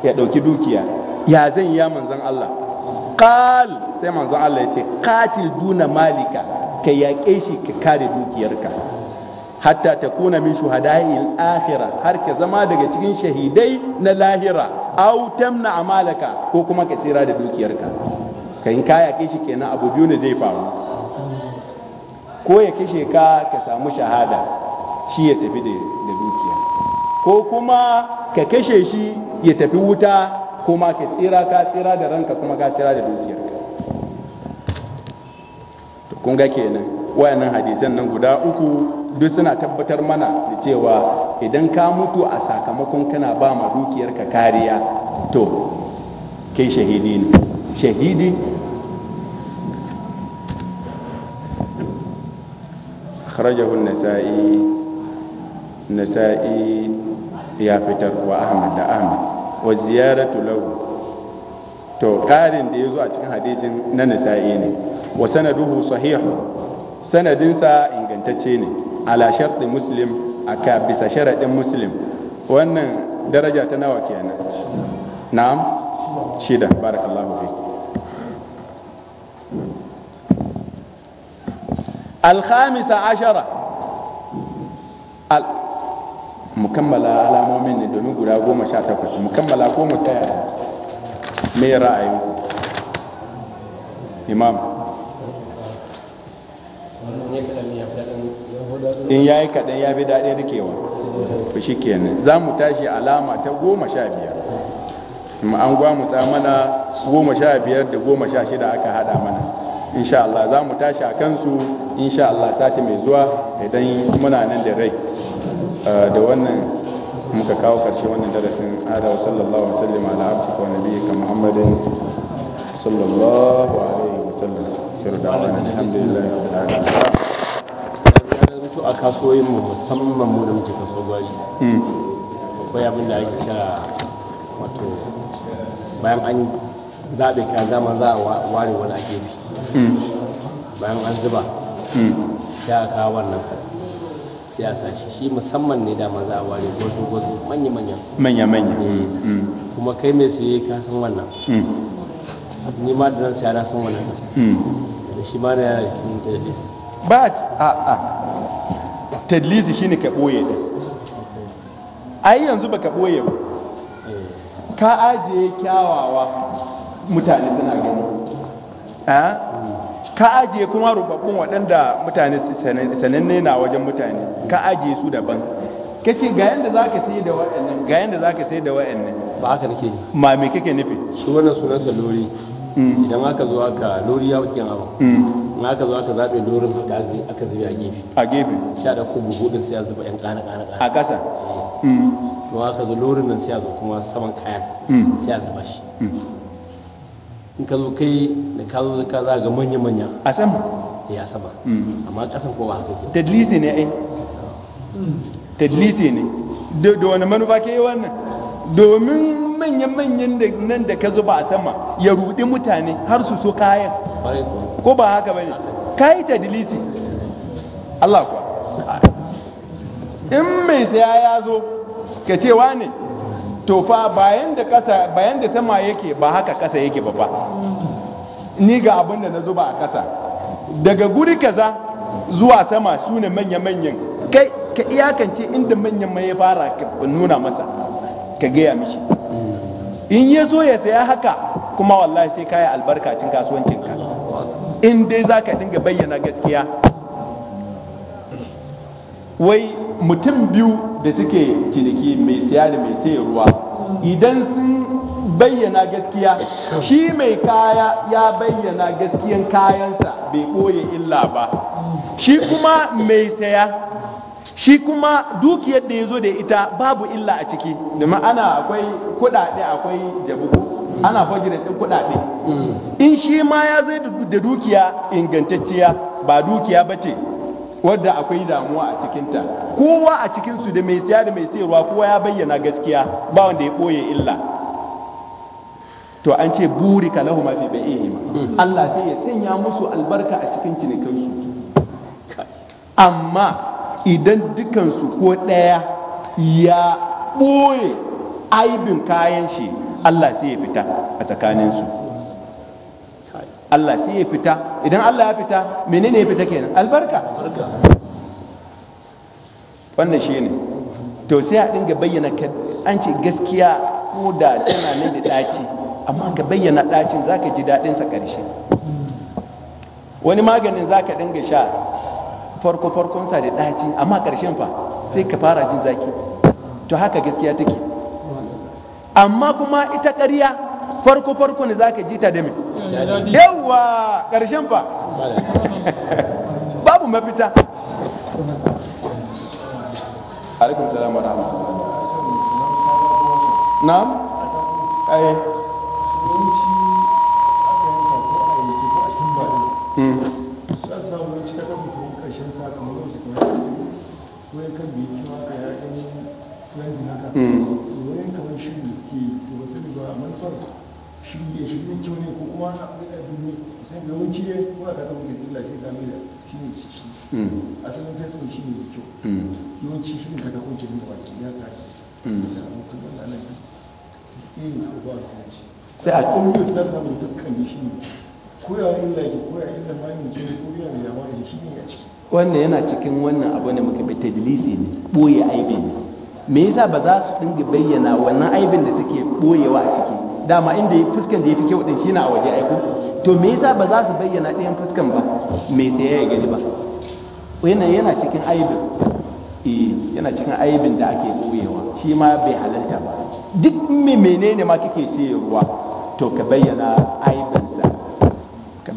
ya ɗauki dukiya ya zan ya manzan Allah qal sai manzan Allah ya ce katil duna malika ka yaƙe shi ka kare dukiyarka hatta ta kuna min shuhada'il akhirah har ka zama daga cikin shahidai na lahira aw tamna amalaka ko kuma ka tsira da dukiyarka ka yi kaya kai shi kenan abu biyu ne zai faru ko ya kashe ka ka samu shahada shi ya tafi da dukiya ko kuma ka kashe shi ya tafi wuta kuma ka tsira ka tsira da ranka kuma ka tsira da dukiyarka to kun ga kenan wayannan hadisan nan guda uku duk suna tabbatar mana da cewa idan ka mutu a sakamakon kana ba ma dukiyarka kariya to kai shahidi ne shahidi ya fitar wa Ahmad da Ahmad wa ziyaratu له to ƙarin da ya zo a cikin hadisin na nasa'i ne wa sanaduhu sahihun sanadinsa ingantacce ne ala sharti muslim ka bisa sharaɗin muslim wannan daraja ta nawa kenan na'am shida barakallahu fi الخامسة ashara mukammala alamomin ne domin guda goma sha takwas mukammala ko mu taya me ra'ayin imam in ya yi kaɗan ya bi da kewa to shi kenan za mu tashi alama ta goma sha biyar an mu mana goma sha biyar da goma sha shida aka haɗa mana insha Allah za mu tashi a kansu insha Allah sati mai zuwa idan muna nan da rai eh, da wannan muka kawo karshe wannan darasin adawa sallallahu alaihi wasallam ala abdika wa nabiyyika muhammadin sallallahu alaihi wasallam a kasuwoyin mu musamman mu da muke kaso gwari hmm. akwai abin da ake kira wato bayan an zaɓe zama za a ware wani a gefe hmm. bayan an zuba hmm. sai a kawo wannan sai a sashi shi musamman ne dama za a ware gwazo gwazo manya manya manya manya kuma kai mai sai ka san wannan ni ma da nan sai na san wannan shi ma na yana cikin tadlisi ba a a tadlisi shine ka boye din ai yanzu ba ka boye ba eh. ka ajiye kyawawa mutane suna gani ka ajiye kuma rubabbun waɗanda mutane sananne na wajen mutane ka ajiye su daban ka ce ga yadda za ka sai da waɗannan ga yadda za ka sai da waɗannan ba haka nake ma me kake nufi su wannan sunan salori Mm. idan aka zo aka lori ya wuce hawa mm. in aka zo aka zaɓe lorin haka aka zai a gefe a gefe sha da kubu hudun sai a zuba yan ƙana ƙana a ƙasa eh. mm. to aka zo lorin nan sai a zo kuma saman kayan sai a zuba shi in ka zo kai da ka zo ka za ga manya manya a sama ya eh, sama amma ƙasan ko ba haka ke tadlisi ne ai tadlisi ne da wani manufa ke yi wannan domin manya-manyan nan da ka zuba a sama ya rudi mutane har su so kayan ko ba haka bane kayi ta dilisi Allah kuwa in mai saya ya zo ka ce ne to fa bayan da kasa bayan da sama yake ba haka kasa yake ba fa ni ga abin da na zuba a kasa daga guri kaza zuwa sama su ne manya-manyan kai ka iyakance inda manyan mai fara nuna masa ka gaya mishi in ya zo ya saya haka kuma wallahi sai kaya albarkacin kasuwancinka in dai za ka dinga bayyana gaskiya wai mutum biyu da suke ciniki mai siya da mai ruwa idan sun bayyana gaskiya shi mai kaya ya bayyana gaskiyan kayansa bai ɓoye illa ba shi kuma mai saya shi kuma dukiyar da ya zo da ita babu illa a ciki da ana akwai kudade akwai jabu ana fagirin ɗin kudade. in shi ma ya zai da dukiya ingantacciya ba dukiya ba ce wadda akwai damuwa a cikinta kowa a cikinsu da mai siya da mai sayarwa kowa ya bayyana gaskiya ba wanda ya ɓoye illa to an ce buri ka lahu mafi ba'ihim Allah sai ya sanya musu albarka a cikin cinikinsu amma idan dukansu ko ɗaya ya ɓoye aibin kayan shi Allah sai ya fita a tsakaninsu Allah sai ya fita idan Allah ya fita menene ya fita kenan albarka wannan shi ne to sai a dinga bayyana an ce gaskiya ko da tana nan da ɗaci amma ka bayyana ɗacin za ka ji daɗinsa ƙarshe wani maganin za ka dinga sha farko farkon sa da ɗaci amma ƙarshen fa sai ka fara jin zaki to haka gaskiya take amma kuma ita ƙarya farko farko ne zaka ji ta da me yawa ƙarshen fa babu mafita alaikum salam wa rahmatullah na'am ai Mm. wani kan da ya ci waka ya gani trending haka hmm. to kamar shirin suke to ba sani ba manufar shirye shirye kyau ne ko kuma na abin da ne sai da yawanci ne ko a kasa mutum illa sai ka mila shi ne ciki hmm. asalin facebook shi ne kyau hmm. yawanci shi ne ka ta kunce ne baki ya ka da abokan da nan eh ko ba shi sai a kullum sarrafa mutum kan shi ne ko illa ki ya illa ma yin ko ya ya ma shi ne a ciki wannan yana cikin wannan abu ne muka bai tadlisi ne boye aibi ne me yasa ba za su dinga bayyana wannan aibin da suke boyewa a ciki dama inda fuskan da ya fi kyau din shi na a waje aiko to me yasa ba za su bayyana ɗayan fuskan ba me tsaye ya gani ba wannan yana cikin aibin eh yana cikin aibin da ake boyewa shi ma bai halarta ba duk menene ma kake sayarwa to ka bayyana aibin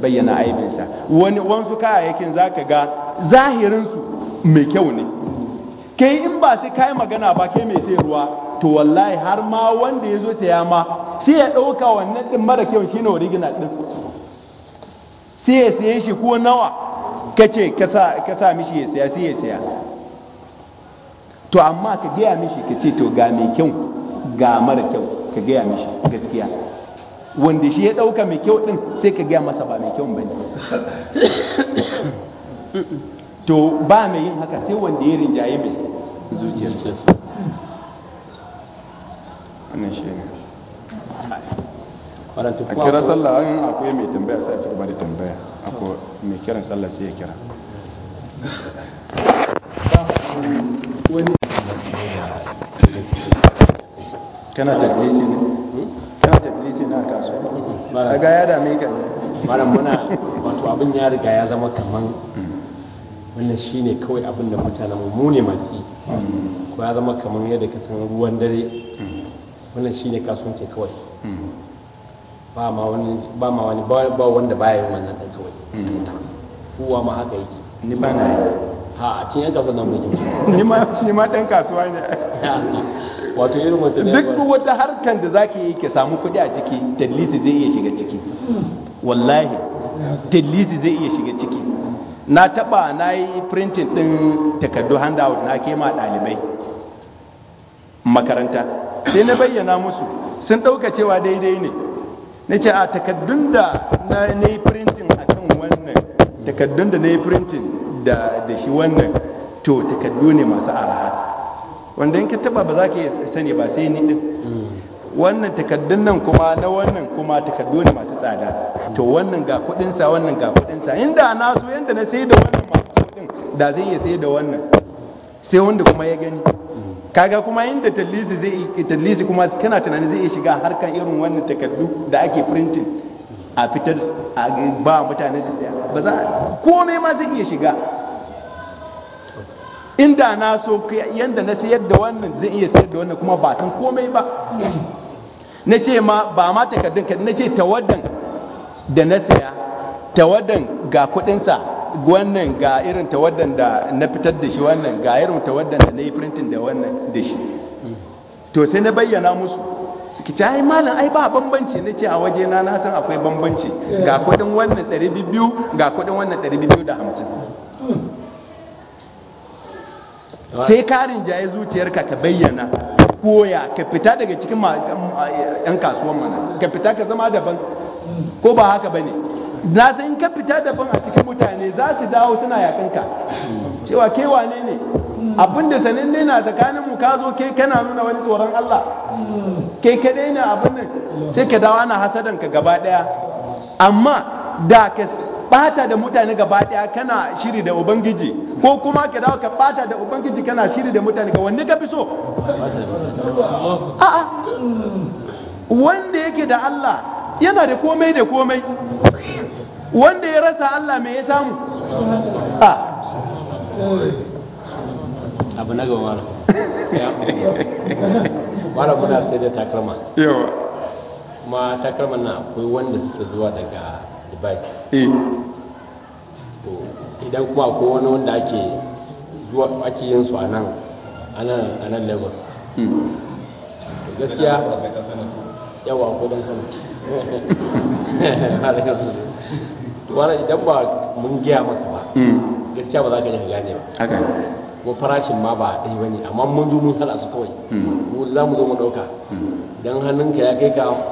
bayyana aibinsa wani wansu kayayyakin za ka ga zahirinsu mai kyau ne ke in ba sai kai magana ba ke mai sayarwa to wallahi har ma wanda ya zo saya ma sai ya ɗauka wannan ɗin mara kyau shine original ɗin sai ya saye shi ko nawa ka ce ka sa mishi ya saya sai ya saya to amma ka gaya mishi ka ce to ga mai kyau ga mara kyau ka gaya mishi gaskiya wanda shi ya ɗauka mai kyau ɗin sai ka gaya masa ba mai kyau ba ne to ba mai yin haka sai wanda ya rinjaye mai zuciyarsa wannan shi ne a kira sallah an akwai mai tambaya sai a ci gaba da tambaya ako mai kiran sallah sai ya kira kana tadlisi ne tafilisi na taso a ga ya dame ka malam muna wato abin ya riga ya zama kaman wannan ne kawai abin da mutanen mu ne masu ko ya zama kaman yadda ka san ruwan dare wannan shi ne kasuwanci kawai ba ma wani ba ba wanda baya yin wannan dan kawai kowa ma haka yake ni ba na yi ha a cikin yan kasuwa na mulkin ni ma ɗan kasuwa ne wato wata duk wata harkan da zaki yi ka samu kuɗi a ciki dalisi zai iya shiga ciki wallahi dalisi zai iya shiga ciki na taba na yi printing ɗin takardu handout na kema ɗalibai makaranta sai na bayyana musu sun ɗauka cewa daidai ne na ce a takardun da na yi printing a kan wannan takardun da na yi printing da shi wannan to takardu ne masu araha wanda in ka taba ba za ka iya sani ba sai ni din wannan takaddun nan kuma na wannan kuma takaddu ne masu tsada to wannan ga kudinsa wannan ga kudinsa inda na so yanda na sai da wannan masu kudin da zai iya sai da wannan sai wanda kuma ya gani kaga kuma inda tallisi zai tallisi kuma kana tunanin zai iya shiga harkar irin wannan takaddu da ake printing a fitar a ba mutane su saya ba za komai ma zai iya shiga inda na so yadda na sayar da wannan zai iya sayar da wannan kuma ba san komai ba na ce ma ba ma takardun ka na ce tawaddan da na saya tawaddan ga kudinsa wannan ga irin tawaddan da na fitar da shi wannan ga irin tawaddan da na yi printing da wannan da shi to sai na bayyana musu suke ce ai malam ai ba bambanci na ce a waje na na san akwai bambanci ga kudin wannan 200 ga kudin wannan 250 sai ka rinjaye zuciyarka ka bayyana koya ka fita daga cikin yan kasuwan mana ka fita ka zama daban ko ba haka ba ne na san in ka fita daban a cikin mutane za su dawo suna yakanka cewa ke wane ne abinda ne na tsakanin mu ka zo ke kana nuna wani tsoron Allah ke kadai ne abin nan sai ka dawo ana hasadan ka gaba daya amma da ka bata da mutane gaba daya kana shiri da ubangiji ko kuma ka dawo ka bata da ubangiji kana shiri da mutane ga wanne ka fi so a'a wanda yake da Allah yana da komai da komai wanda ya rasa Allah me ya samu a abu na gaba mara muna sai da takarma yawa kuma takarman na akwai wanda suke zuwa daga baki eh. to idan kuma ko wani wanda ake zuwa ake yin su a nan a nan lagos hmm. to gaskiya yawa kudin dan kano to wani idan ba mun gaya maka ba hmm. gaskiya ba za ka iya gane ba ko farashin ma ba ɗaya ba ne amma mun zo mun hala su kawai hmm. mu za mu zo mu ɗauka don hannunka ya kai ka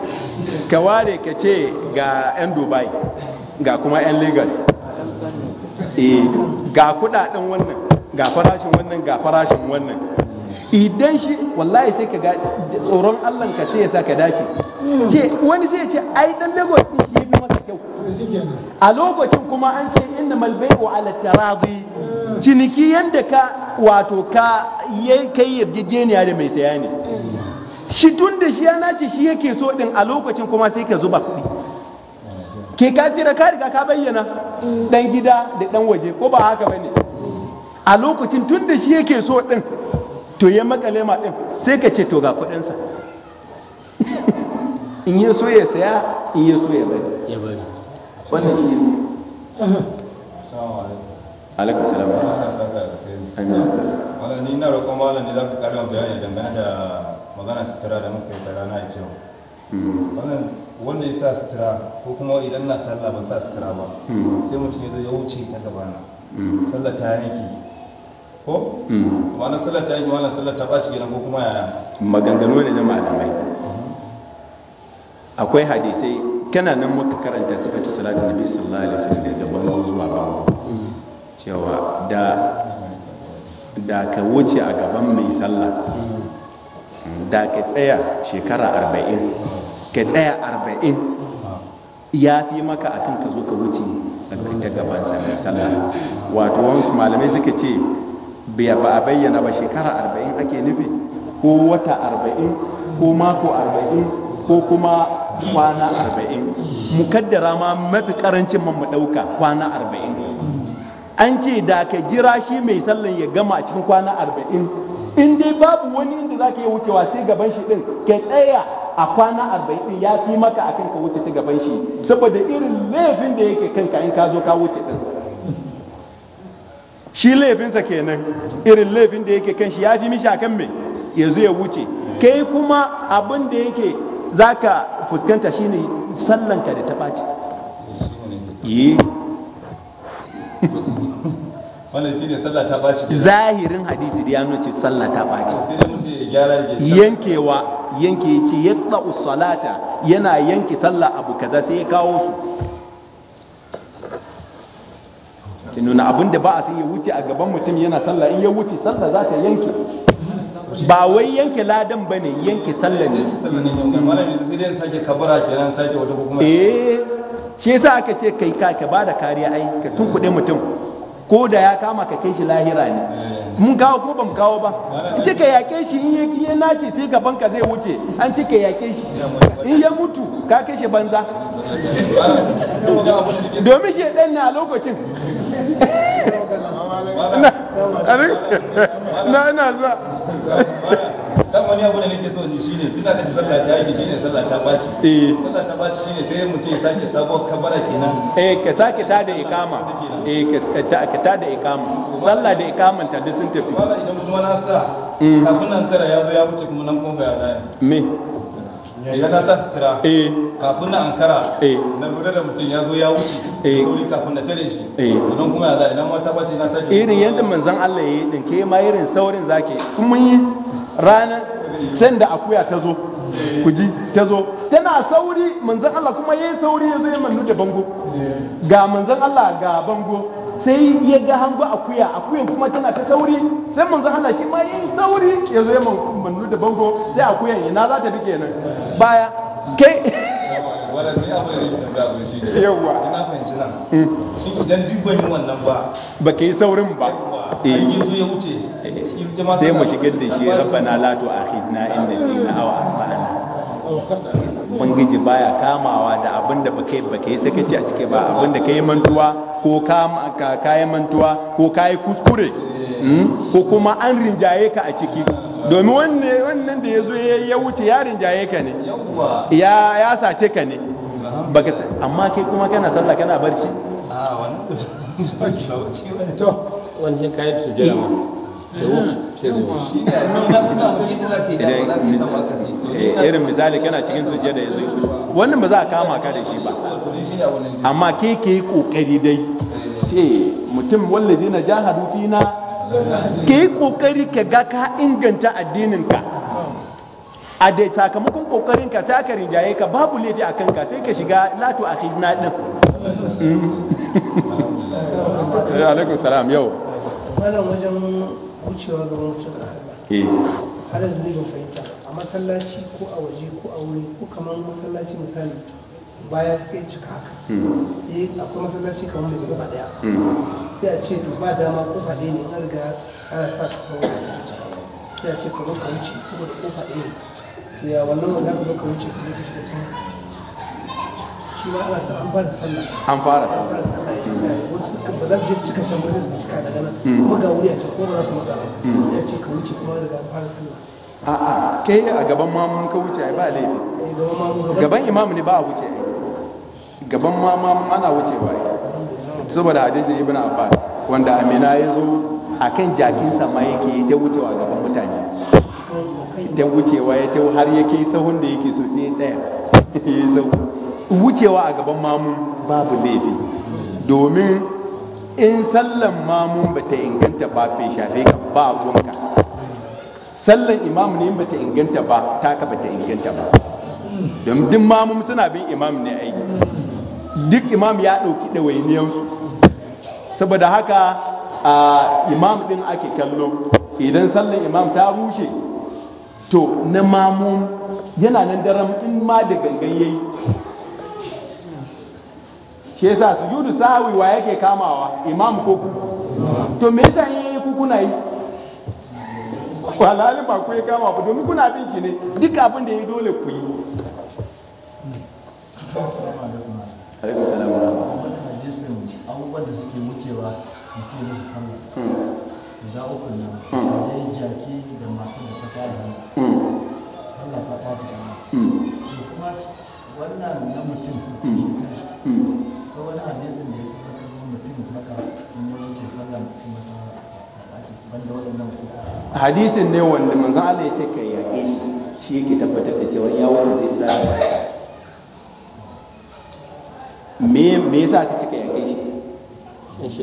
ka ware ka ce ga 'yan dubai ga kuma 'yan lagos eh, ga kudaden wannan ga farashin wannan ga farashin wannan idan shi wallahi sai ka ga tsoron allah ka sai ya sa ka dace ce wani sai ce ai dan lagos din shi bi masa kyau a lokacin kuma an ce inna wa ala taradi ciniki yadda ka wato ka kayyar yarjejeniya da mai saya ne shi tun da shi ya nace shi yake so din a lokacin kuma sai ka zuba kuɗi ke ka jira ka riga ka bayyana dan gida da dan waje ko ba haka bane a lokacin tun da shi yake so din to ya makale ma din sai ka ce to ga kuɗinsa in ya so ya saya in ya so ya bari wannan shi alaikun salam wala ni na roƙon malam ne za ka ƙarin bayani dangane da magana sutura da muka yi da rana ita yau hmm. wannan wanda ya sa sutura ko kuma idan na sallah ban sa sutura ba hmm. sai mutum ya zo ya wuce ta gabana hmm. sallah ta yanki ko na sallah ta yanki wannan sallah ta bashi kenan ko kuma yaya maganganu ne na malamai akwai hadisai kana nan muka karanta suka ci salatin nabi sallallahu alaihi wasallam da bango zuwa bango cewa da da ka wuce a gaban mai sallah da ka tsaya shekara arba'in ka tsaya arba'in ya fi maka a kan ka zo ka wuce ta gaban mai sallah wato wasu malamai suka ce ba a bayyana ba shekara arba'in ake nufi ko wata arba'in ko mako arba'in ko kuma kwana arba'in mukaddara ma mafi karancin mu ɗauka kwana arba'in an ce da ka jira shi mai sallan ya gama cikin kwana arba'in in dai babu wani inda za ka yi wucewa sai gaban shi din ka tsaya a kwana arba'in din ya fi maka akan ka wuce ta gaban shi saboda irin laifin da yake kanka in ka zo ka wuce din shi laifinsa kenan irin laifin da yake kan shi ya fi mishi akan me ya zo ya wuce kai kuma abin da yake za ka fuskanta shi ne sallanka da ta ɓaci wannan shine sallah ta baci zahirin hadisi da ya nuna ce sallah ta baci yankewa yanke ya ce ya salata yana yanke sallah abu kaza sai ya kawo su nuna abin da ba a sun ya wuce a gaban mutum yana sallah in ya wuce sallah za ta yanke ba wai yanke ladan ba ne yanke sallah ne eh shi yasa aka ce kai ka ba da kariya ai ka tunkuɗe mutum ko da ya kama ka kai shi lahira ne mun kawo ko ban kawo ba in ce ka yaƙe shi in ya naci sai gaban ka zai wuce an ce ka yaƙe shi in ya mutu ka kai shi banza domin shi ɗan a lokacin na ina za dan wani abu da nake so ni shine tun da kace sallah ta yi shine sallah ta baci eh sallah ta baci shine sai mu ce sake sabo kabara kenan eh ka sake ta da ikama eh ka ta da eh, ikama sallah da ikaman ta duk sun tafi wala idan mun wani sa eh. kafin nan kara ya zo ya wuce kuma nan kuma ba ya me idan na sa sutura eh. kafin na ankara eh. na lura da mutum ya zo ya wuce sauri eh. kafin na tare shi idan kuma ya za idan wata bace na sake irin yadda manzon Allah ya yi din ke ma irin saurin zake kun mun yi ranar can da akuya ta zo ku ji ta zo tana sauri manzon Allah kuma ya yi sauri ya zo ya mannu da bango ga manzon Allah ga bango sai ya ga hango akuya akuya kuma tana ta sauri sai manzo hana shi ma yin sauri ya zo ya manu da bango sai akuyan ina za ta bi kenan baya kai yawa eh. shi idan duk yi wannan ba saurin ba eh. sai mu shigar da shi rabbana la tu'akhidna in nasina aw akhtana oh, ubangiji baya kamawa da abin da ba kai baka yi sakaci a ciki ba abin da ka yi mantuwa ko ka yi mantuwa ko ka yi kuskure hmm, ko kuma an rinjaye ka a ciki domin wannan da ya zo ya wuce ya rinjaye ka ne ya sace ka ne amma kai kuma kana sallah kana barci a ah, wannan to wannan su jira irin misali kana cikin sujje da yanzu wannan ba za a kama ka da shi ba amma ke ke yi kokari dai ce mutum wallazi na jaha Dufina. ke yi kokari ka ga ka inganta addinin ka a dai sakamakon kokarin ka sai aka ka babu laifi a kanka sai ka shiga latu a hizna din alaikun salam yau wucewa gaban mutum a har yanzu fahimta a masallaci ko a waje ko a wuri ko kamar masallaci misali baya suka yi cika haka hmm. sai akwai masallaci kamar da gaba daya hmm. sai a ce to ba dama kofa ɗaya ne an riga ana sa ka sauwa sai a ce ka zo ka wuce saboda kofa ɗaya to ya wannan wanda ka zo ka wuce ka zo ka shiga sun shi ma ana sa an fara sallah an fara sallah ba za su je cika su cika daga nan hmm. kuma ga wuri a kuma za su maka ya ce ka wuce kuma daga fara sallah a'a kai a gaban mamun ka wuce ai ba laifi eh, gaban imam ne ba a wuce gaban mamun ana wucewa saboda hadisin ibn abbas wanda amina ya zo a kan jakinsa ma yake ta wucewa gaban mutane ta wucewa ya tau har yake sahun da yake so sai ya tsaya ya wucewa a gaban mamun babu laifi domin in sallan mamun ba ta inganta ba fi shafe ka ba ruwanka sallan imam ne ba ta inganta ba taka ba ta inganta ba domin mamun suna bin imam ne yi duk imam ya ɗauki ɗawainiyansu saboda haka a imam ɗin ake kallo idan sallan imam ta rushe to na mamun yana nan daren in ma da gangan yayi shi yasa sujudu sahwi wa yake kamawa imam ko ku to me yasa in yayi ku kuna yi walalin ba ku ya kama ba domin kuna bin shi ne duk abin da ya dole ku yi abubuwan da suke wucewa mutum musu sallah hmm. guda uku nan hmm. da yi jaki da masu da ta kare sallah ta kare kuma wannan na mutum hmm. Ko wani hadisin da ya tabbatar da mutum haka in ya wuce sallah mutum mata banda waɗannan hadisin ne wanda manzon Allah ya ce kai yaƙe shi shi yake tabbatar da cewa ya wuce zai zama me me yasa ka ce kai yaƙe shi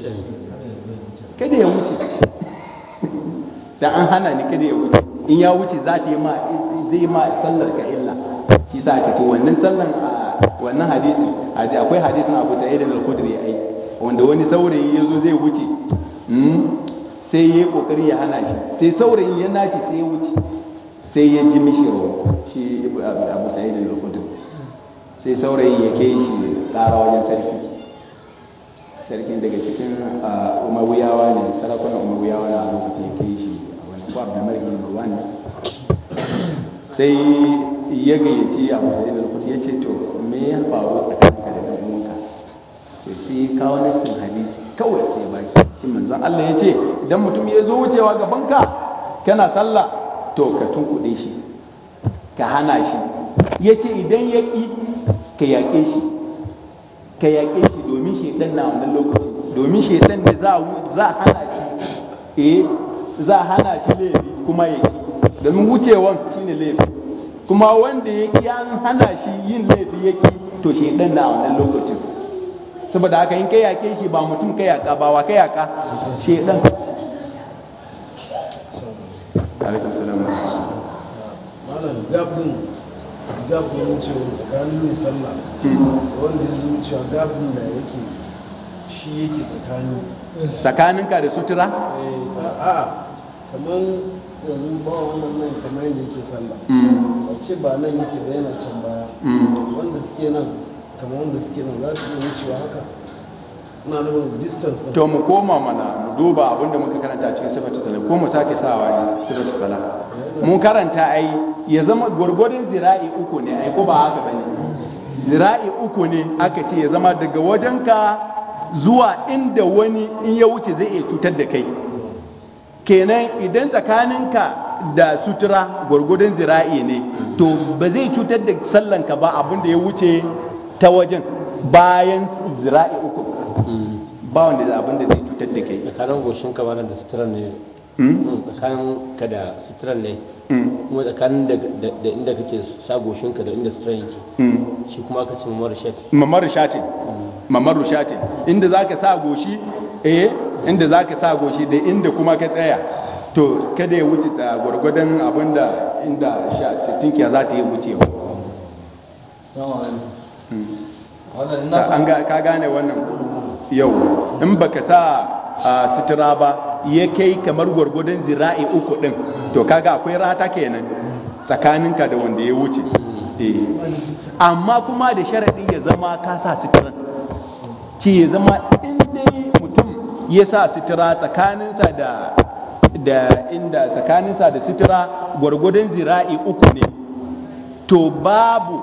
kada ya wuce da an hana ni kada ya wuce in ya wuce za ta yi ma zai ma sallar ka illa shi sa aka ce wannan sallan wannan hadisin akwai hadisin abu ta irin al-kudri ai wanda wani saurayi ya zo zai wuce hmm, sai ya yi kokari ya hana shi sai saurayin ya naci sai ya wuce sai ya ji mishi ruwa shi abu yadda al-khudri sai saurayin ya kai shi ɗara wajen sarki sarkin daga cikin umawiyawa ne sarakunan umawiyawa ne a lokacin ya kai shi a wani da abdulmalik ne sai ya gayyaci ya musayi da lokaci ya ce to me ya faru tsakaninka da ɗan to shi kawo sun hadisi kawai sai ba shi shi manzan Allah ya ce idan mutum ya zo wucewa gaban ka kana sallah to ka tunkuɗe shi ka hana shi ya ce idan ya ƙi ka yaƙe shi ka yaƙe shi domin shaidan na wannan lokaci domin shaidan ne za a hana shi eh za a hana shi laifi kuma ya ƙi domin wucewan shine laifi kuma wanda ya an hana shi yin laifi yake to shi dan na wannan lokacin saboda haka in kai yake shi ba mutum kai yaka ba wa kai yaka shi dan alaikum salam malam gabin gabin ce tsakanin mai sallah hmm. wanda ya zuciya gabin da yake shi yake tsakanin ka da sutura eh a'a kamar yanzu ba wannan nan kamar yadda yake sallah mm. a ce ba nan yake ba yana can baya mm. wanda suke nan kamar wanda suke nan za su iya wucewa haka na nuna distance to mu koma mana mu duba abin da muka karanta cikin sifatu salah ko mu sake sawa ne sifatu salah mun karanta ai ya zama gwargwadon zira'i uku ne ai ko ba haka bane zira'i uku ne aka ce ya zama daga wajenka zuwa inda wani in ya wuce zai iya cutar da kai kenan idan tsakaninka da sutura gwargwadon zira'i ne to ba zai cutar da sallanka ba abin da ya wuce ta wajen bayan zira'i uku ba wanda da abin da zai cutar da ke. tsakanin goshin ka da sutura ne hmm? tsakanin ka da sutura ne hmm. kuma tsakanin da inda kake sa goshin ka da inda suturan yake hmm. shi kuma ka ce mamar shatin mamar shatin mamar shatin inda zaka sa goshi eh inda za ka sa goshi da inda kuma ka tsaya to kada ya wuce ta gwargwadon abin da inda tinkiya za ta yi wucewa an ka gane wannan yau in ba ka sa sutura ba ya kai kamar gwargwadon zira'i uku din to kaga akwai rata kenan tsakaninka da wanda ya wuce eh. amma kuma da sharaɗin ya zama ka sa suturan ce ya zama in ya sa sitira tsakaninsa da da inda tsakaninsa da sitira gwargwadon zira'i uku ne to babu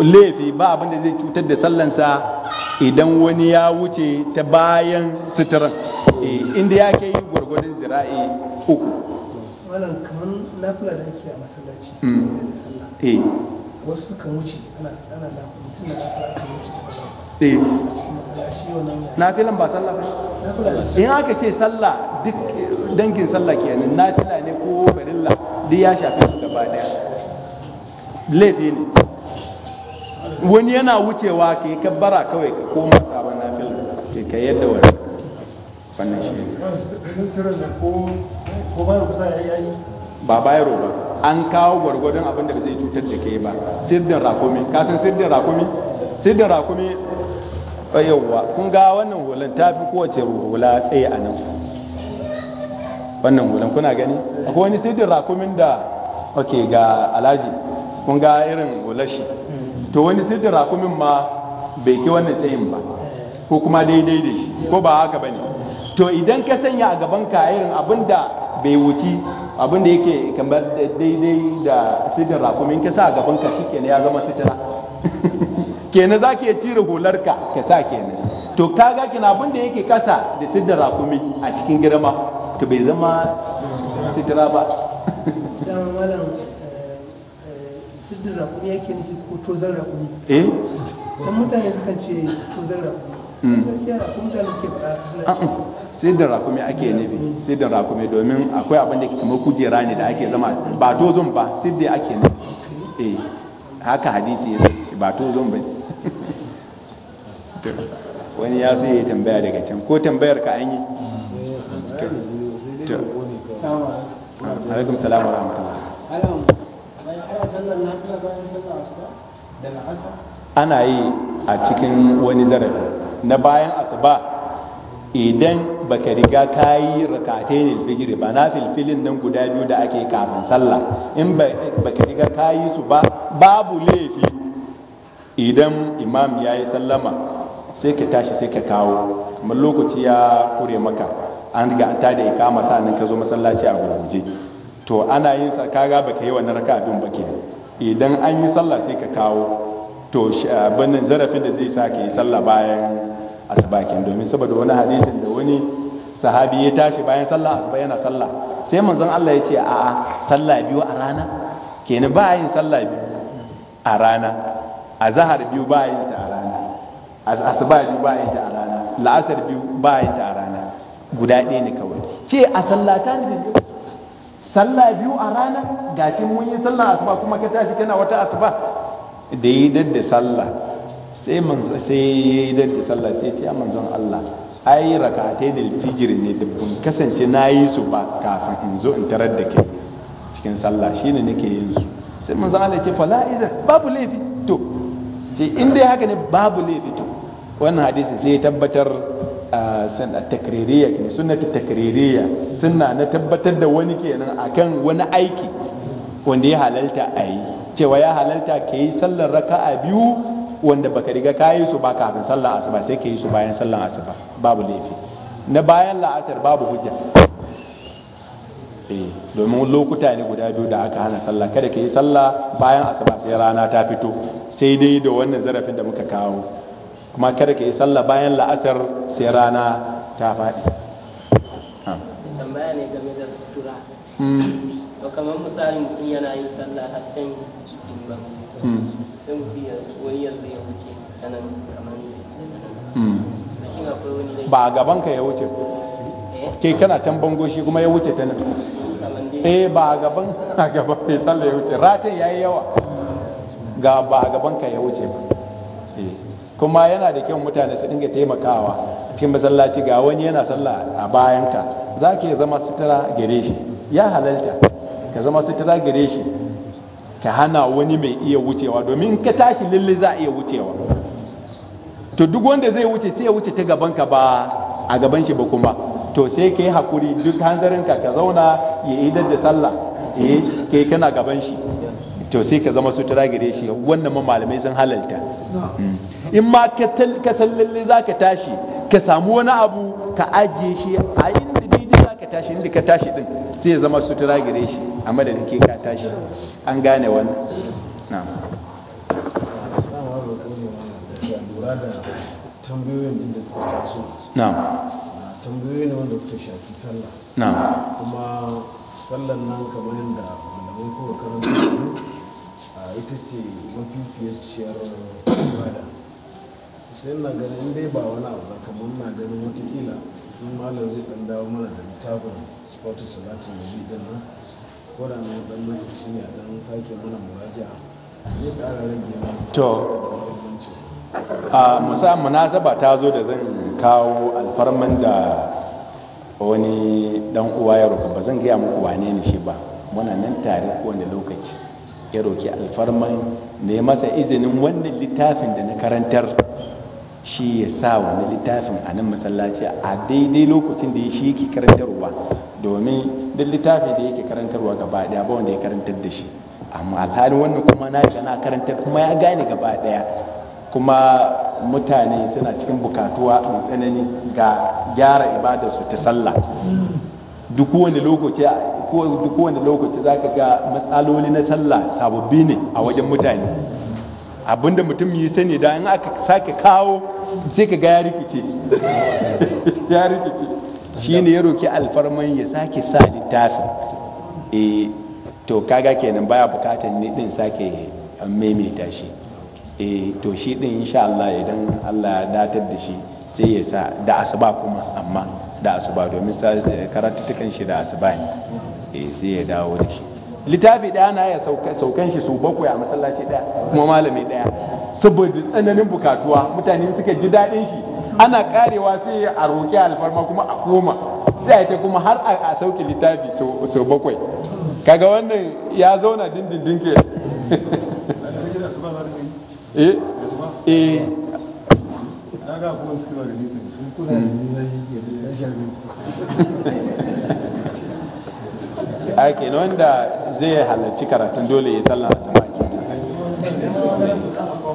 laifi ba abin da zai cutar da sallansa idan wani ya wuce ta bayan suturan eh, inda ya yi gwargwadon zira'i uku malam kamar nafila da ake a masallaci hmm. da sallah eh. wasu kan wuce ana ana mutum da nafila kan wuce ta bayan nafilan ba sallah ba in aka ce sallah duk dangin sallah ke kenan nafila ne ko farilla duk ya shafi su gaba daya laifi ne wani yana wucewa ka yi kabbara kawai ka koma sabon nafila ka yadda wani wannan shi ne ba ba an kawo gwargwadon abin da zai cutar da ke ba sirdin rakumi kasan sirdin rakumi sirdin rakumi yauwa kun ga wannan hulan ta fi kowace hula tsaye a nan wannan hulan kuna gani akwai wani sidin rakumin da oke ga alhaji kun ga irin hulashi shi to wani sidin rakumin ma bai ki wannan tsayin ba ko kuma daidai da shi ko ba haka ba ne to idan ka sanya a gaban ka irin abin da bai wuci abin da yake kamar daidai da sidin rakumin ka sa a gaban ka shi ya zama sutura kenan za ka iya cire hularka ka sa kenan to ka ga kina abin da yake kasa da sidda rakumi a cikin girma to bai zama sidda ba eh, sidda rakumi yake nufi ko tozar rakumi eh dan mutane suka ce tozar rakumi hmm. gaskiya rakumi da nake faɗa siddin rakumi ake nufi sidda rakumi domin akwai abin da kuma kujera ne da ake zama ba dozon ba sidda ake nufi eh haka hadisi ya shi ba to zon bane wani ya sai ya tambaya daga can ko tambayar ka an yi alaikum salamu rahmatullah ana yi a cikin wani zarafi na bayan asuba idan baka riga ka yi rakatai fijiri ba na filfilin nan guda biyu da ake kafin sallah in baka riga ka yi su ba babu laifi idan imam ya yi sallama sai ka tashi sai ka kawo kamar lokaci ya kure maka an riga an tada ikama sa'annan ka zo masallaci a gurguje to ana yin sa kaga baka yi wannan raka abin ba idan an yi sallah sai ka kawo to banin zarafin da zai sa ka yi sallah bayan Asibakin domin saboda wani hadisin da wani sahabi ya tashi bayan sallah asuba yana sallah sai manzon Allah ya ce a'a sallah biyu a rana kenan ba yin sallah biyu a rana a zahar biyu ba yin ta a rana asuba biyu ba yin ta a rana la'asar biyu ba yin ta a rana guda ɗaya ne kawai ce a sallata ne sallah biyu a rana shi mun yi sallah asuba kuma ka tashi kana wata asuba yi da sallah sai manzo sai ya yi da sallah sai ce manzon Allah ai rakatai da fijir ne da bun kasance na yi su ba kafin in zo in tarar da ke cikin sallah shi ne nake yin su sai manzon Allah ce fala idan babu laifi to ce in dai haka ne babu laifi to wannan hadisi sai ya tabbatar sunna takririya ne ta takririya sunna na tabbatar da wani kenan akan wani aiki wanda ya halalta a yi cewa ya halalta ka yi sallar raka'a biyu wanda baka riga ka yi su ba kafin sallar asuba sai ka yi su bayan sallar asuba babu laifi na bayan la'asar babu hujja Eh domin lokuta ne guda biyu da aka hana sallah kada ka yi sallah bayan asuba sai rana ta fito sai dai da wannan zarafin da muka kawo kuma kada ka yi sallah bayan la'asar sai rana ta faɗi hmm. kamar misalin mutum yana yin sallah sai wani yanzu ya wuce nan hmm. ba a gaban ka ya wuce eh? ke kana can bango shi kuma ya wuce ta nan eh ba a gaban a gaban bai tsalle ya wuce ratin yi yawa ga ba a gaban ka ya wuce ba eh. kuma yana da kyau mutane su dinga taimakawa cikin masallaci ga wani yana sallah a bayan ka za ka zama sutura gare shi ya halalta ka zama sutura gare shi ta hana wani mai iya wucewa domin ka tashi lalle za a iya wucewa to duk wanda zai wuce sai ya wuce ta gaban ka ba a gaban shi ba kuma to sai ka hakuri duk hanzarin ka zauna ya yi da sallah eh kai kana gaban shi to sai ka zama sutura gare shi wannan ma malamai sun halalta hmm. in ma ka lallai za ka tashi ka samu wani abu ka ajiye shi a tashi inda ka tashi din sai ya zama sutura gare shi a madadin ke ka tashi an gane wani. na'am tambayoyin din da suka taso na'am tambayoyi ne wanda suka shafi sallah na'am kuma sallan nan kamar yadda malaman kowa karanta ita ce mafificiyar ibada sai na ganin dai ba wani abu kamar na ganin watakila in malam zai dan dawo mana da littafin sifatu salatin da din nan ko da mai ɗan lokaci ne a dan sake mana muraja zai ƙara rage na to a musa zaba ta zo da zan kawo alfarman da wani dan uwa ya roƙa ba zan gaya muku wane ne shi ba muna nan tare kowane lokaci ya roƙi alfarman ne masa izinin wannan littafin da na karantar shi ya sa wani littafin a nan masallaci a daidai lokacin da shi yake karantarwa domin duk littafin da yake karantarwa gaba daya ba wanda ya karantar da shi amma alhalin wannan kuma na shi na karantar kuma ya gane gaba daya kuma mutane suna cikin bukatuwa mai tsanani ga gyara ibadarsu ta sallah duk wani lokaci duk za ka ga matsaloli na sallah sababbi ne a wajen mutane abinda mutum yi sani da in aka sake kawo sai ka ga ya rikice ya rikice shine ya roki alfarman ya sake sa littafi e eh, to kaga kenan baya bukatan ne din sake maimaita shi e to shi din insha Allah idan Allah ya datar da shi sai ya sa da asuba kuma amma da asuba domin eh, karatuttukan shi da asuba ne e sai ya dawo da shi littafi ɗaya na ya saukan shi su bakwai a masallaci daya kuma malami daya saboda tsananin bukatuwa mutane suka ji daɗin shi ana karewa sai a roƙi alfarma kuma a koma sai a ta kuma har a sauke littafi sau bakwai kaga wannan ya zauna dindindin ke eh? Eh. wanda zai halarci karatun dole ya sallah a koma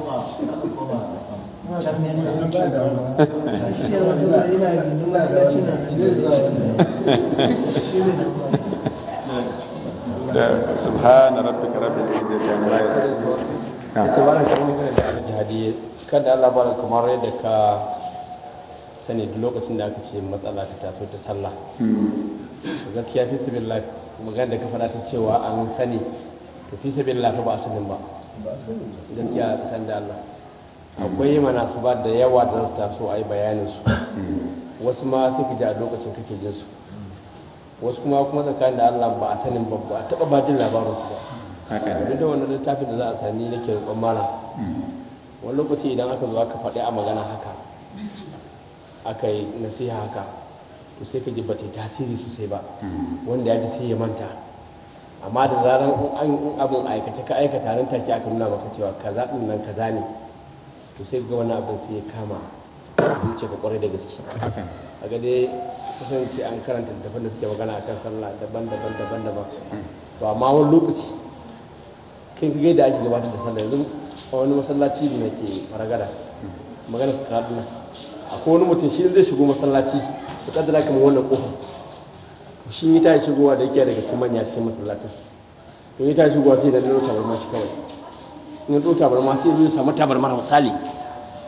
da shi da rabbika rabbil izzati amma yasifun kamar ne da kada Allah bara kamar yadda ka sani duk lokacin da aka ce matsala ta taso ta sallah hmm. gaskiya fi sabilillah magana da ka fada ta cewa an sani to fi sabilillah ba sanin ba gaskiya a da akwai manasubat da yawa da su taso a yi bayanin su wasu ma sai ka ji a lokacin kake jin su wasu kuma kuma tsakanin da Allah ba a sanin ba a taba ba jin labarin su ba duk da wannan littafin da za a sani ke rubon mana wani lokaci idan aka zo aka faɗi a magana haka aka yi nasiha haka to sai ka ji ba ta tasiri sosai ba wanda ya ji sai ya manta amma da zarar in an in abin aikace ka aikata nan take aka nuna maka cewa kaza din nan kaza ne to sai ga wani abin sai ya kama zuciya ka kwarai da gaske a ga dai kusanci an karanta daban da suke magana akan sallah daban daban daban daban to amma wani lokaci kin ga da ake gabatar da sallah yanzu a wani masallaci ne ke faragada magana su kaɗu akwai wani mutum shi zai shigo masallaci su kaddara kamar wannan kofar shi ya tashi shigowa da yake daga cikin manya cikin masallacin to ya tashi shigowa sai da ɗau tabarma shi kawai in ya tabarma sai zai samu tabarma misali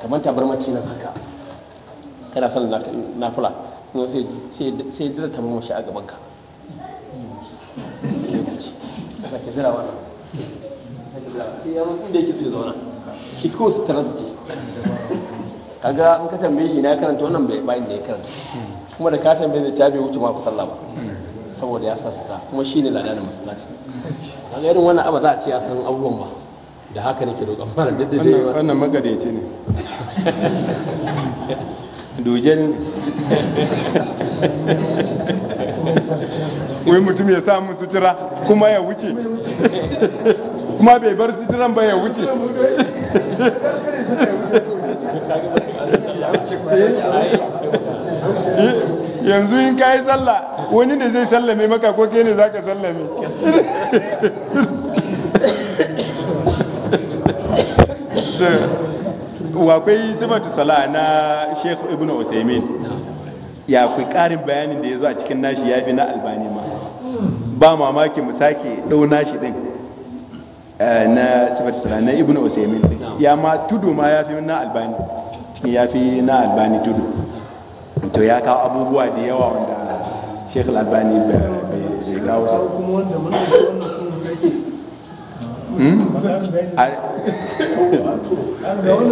kamar tabarma ce na haka kana son na fula sai dira tabarma shi a gaban ka eh, sake dira wannan sai ya da yake so zauna shi ko su taransa ce kaga in ka tambaye shi na karanta wannan bai bayan da ya karanta kuma da ka bai zai tabi wuce ma sallah ba saboda ya sa suka kuma lada da masallaci a ga irin wannan abu za a ce ya san abubuwan ba da haka nake roƙon fara duk da dai wannan magadaici ne duje wai mutum ya samu sutura kuma ya wuce kuma bai bar suturan ba ya wuce yanzu in ka yi sallah wani da zai sallame maka ko ke ne za ka sallame wakwai sifatu sala na sheikh ibn utaimin ya kai karin bayanin da ya zo a cikin nashi ya fi na albani ma ba mamaki mu sake ɗau nashi din eh, na sifatu sala na ibn utaimin ya ma tudu ma ya fi na albani ya fi na albani tudu to ya kawo abubuwa da yawa wanda sheikh albani bai kawo su da hmm? wanda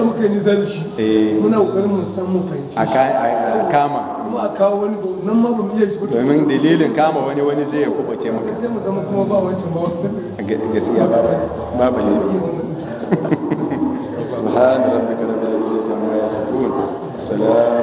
muka yi shi eh. muna ƙoƙarin mu san mu a kama kuma a kawo wani nan ma ba mu iya shi domin dalilin kama wani wani zai ya kubace maka zai mu zama kuma ba wancan ba wancan gaskiya ba ba ba ba ne سبحان ربك رب العزة عما يصفون salam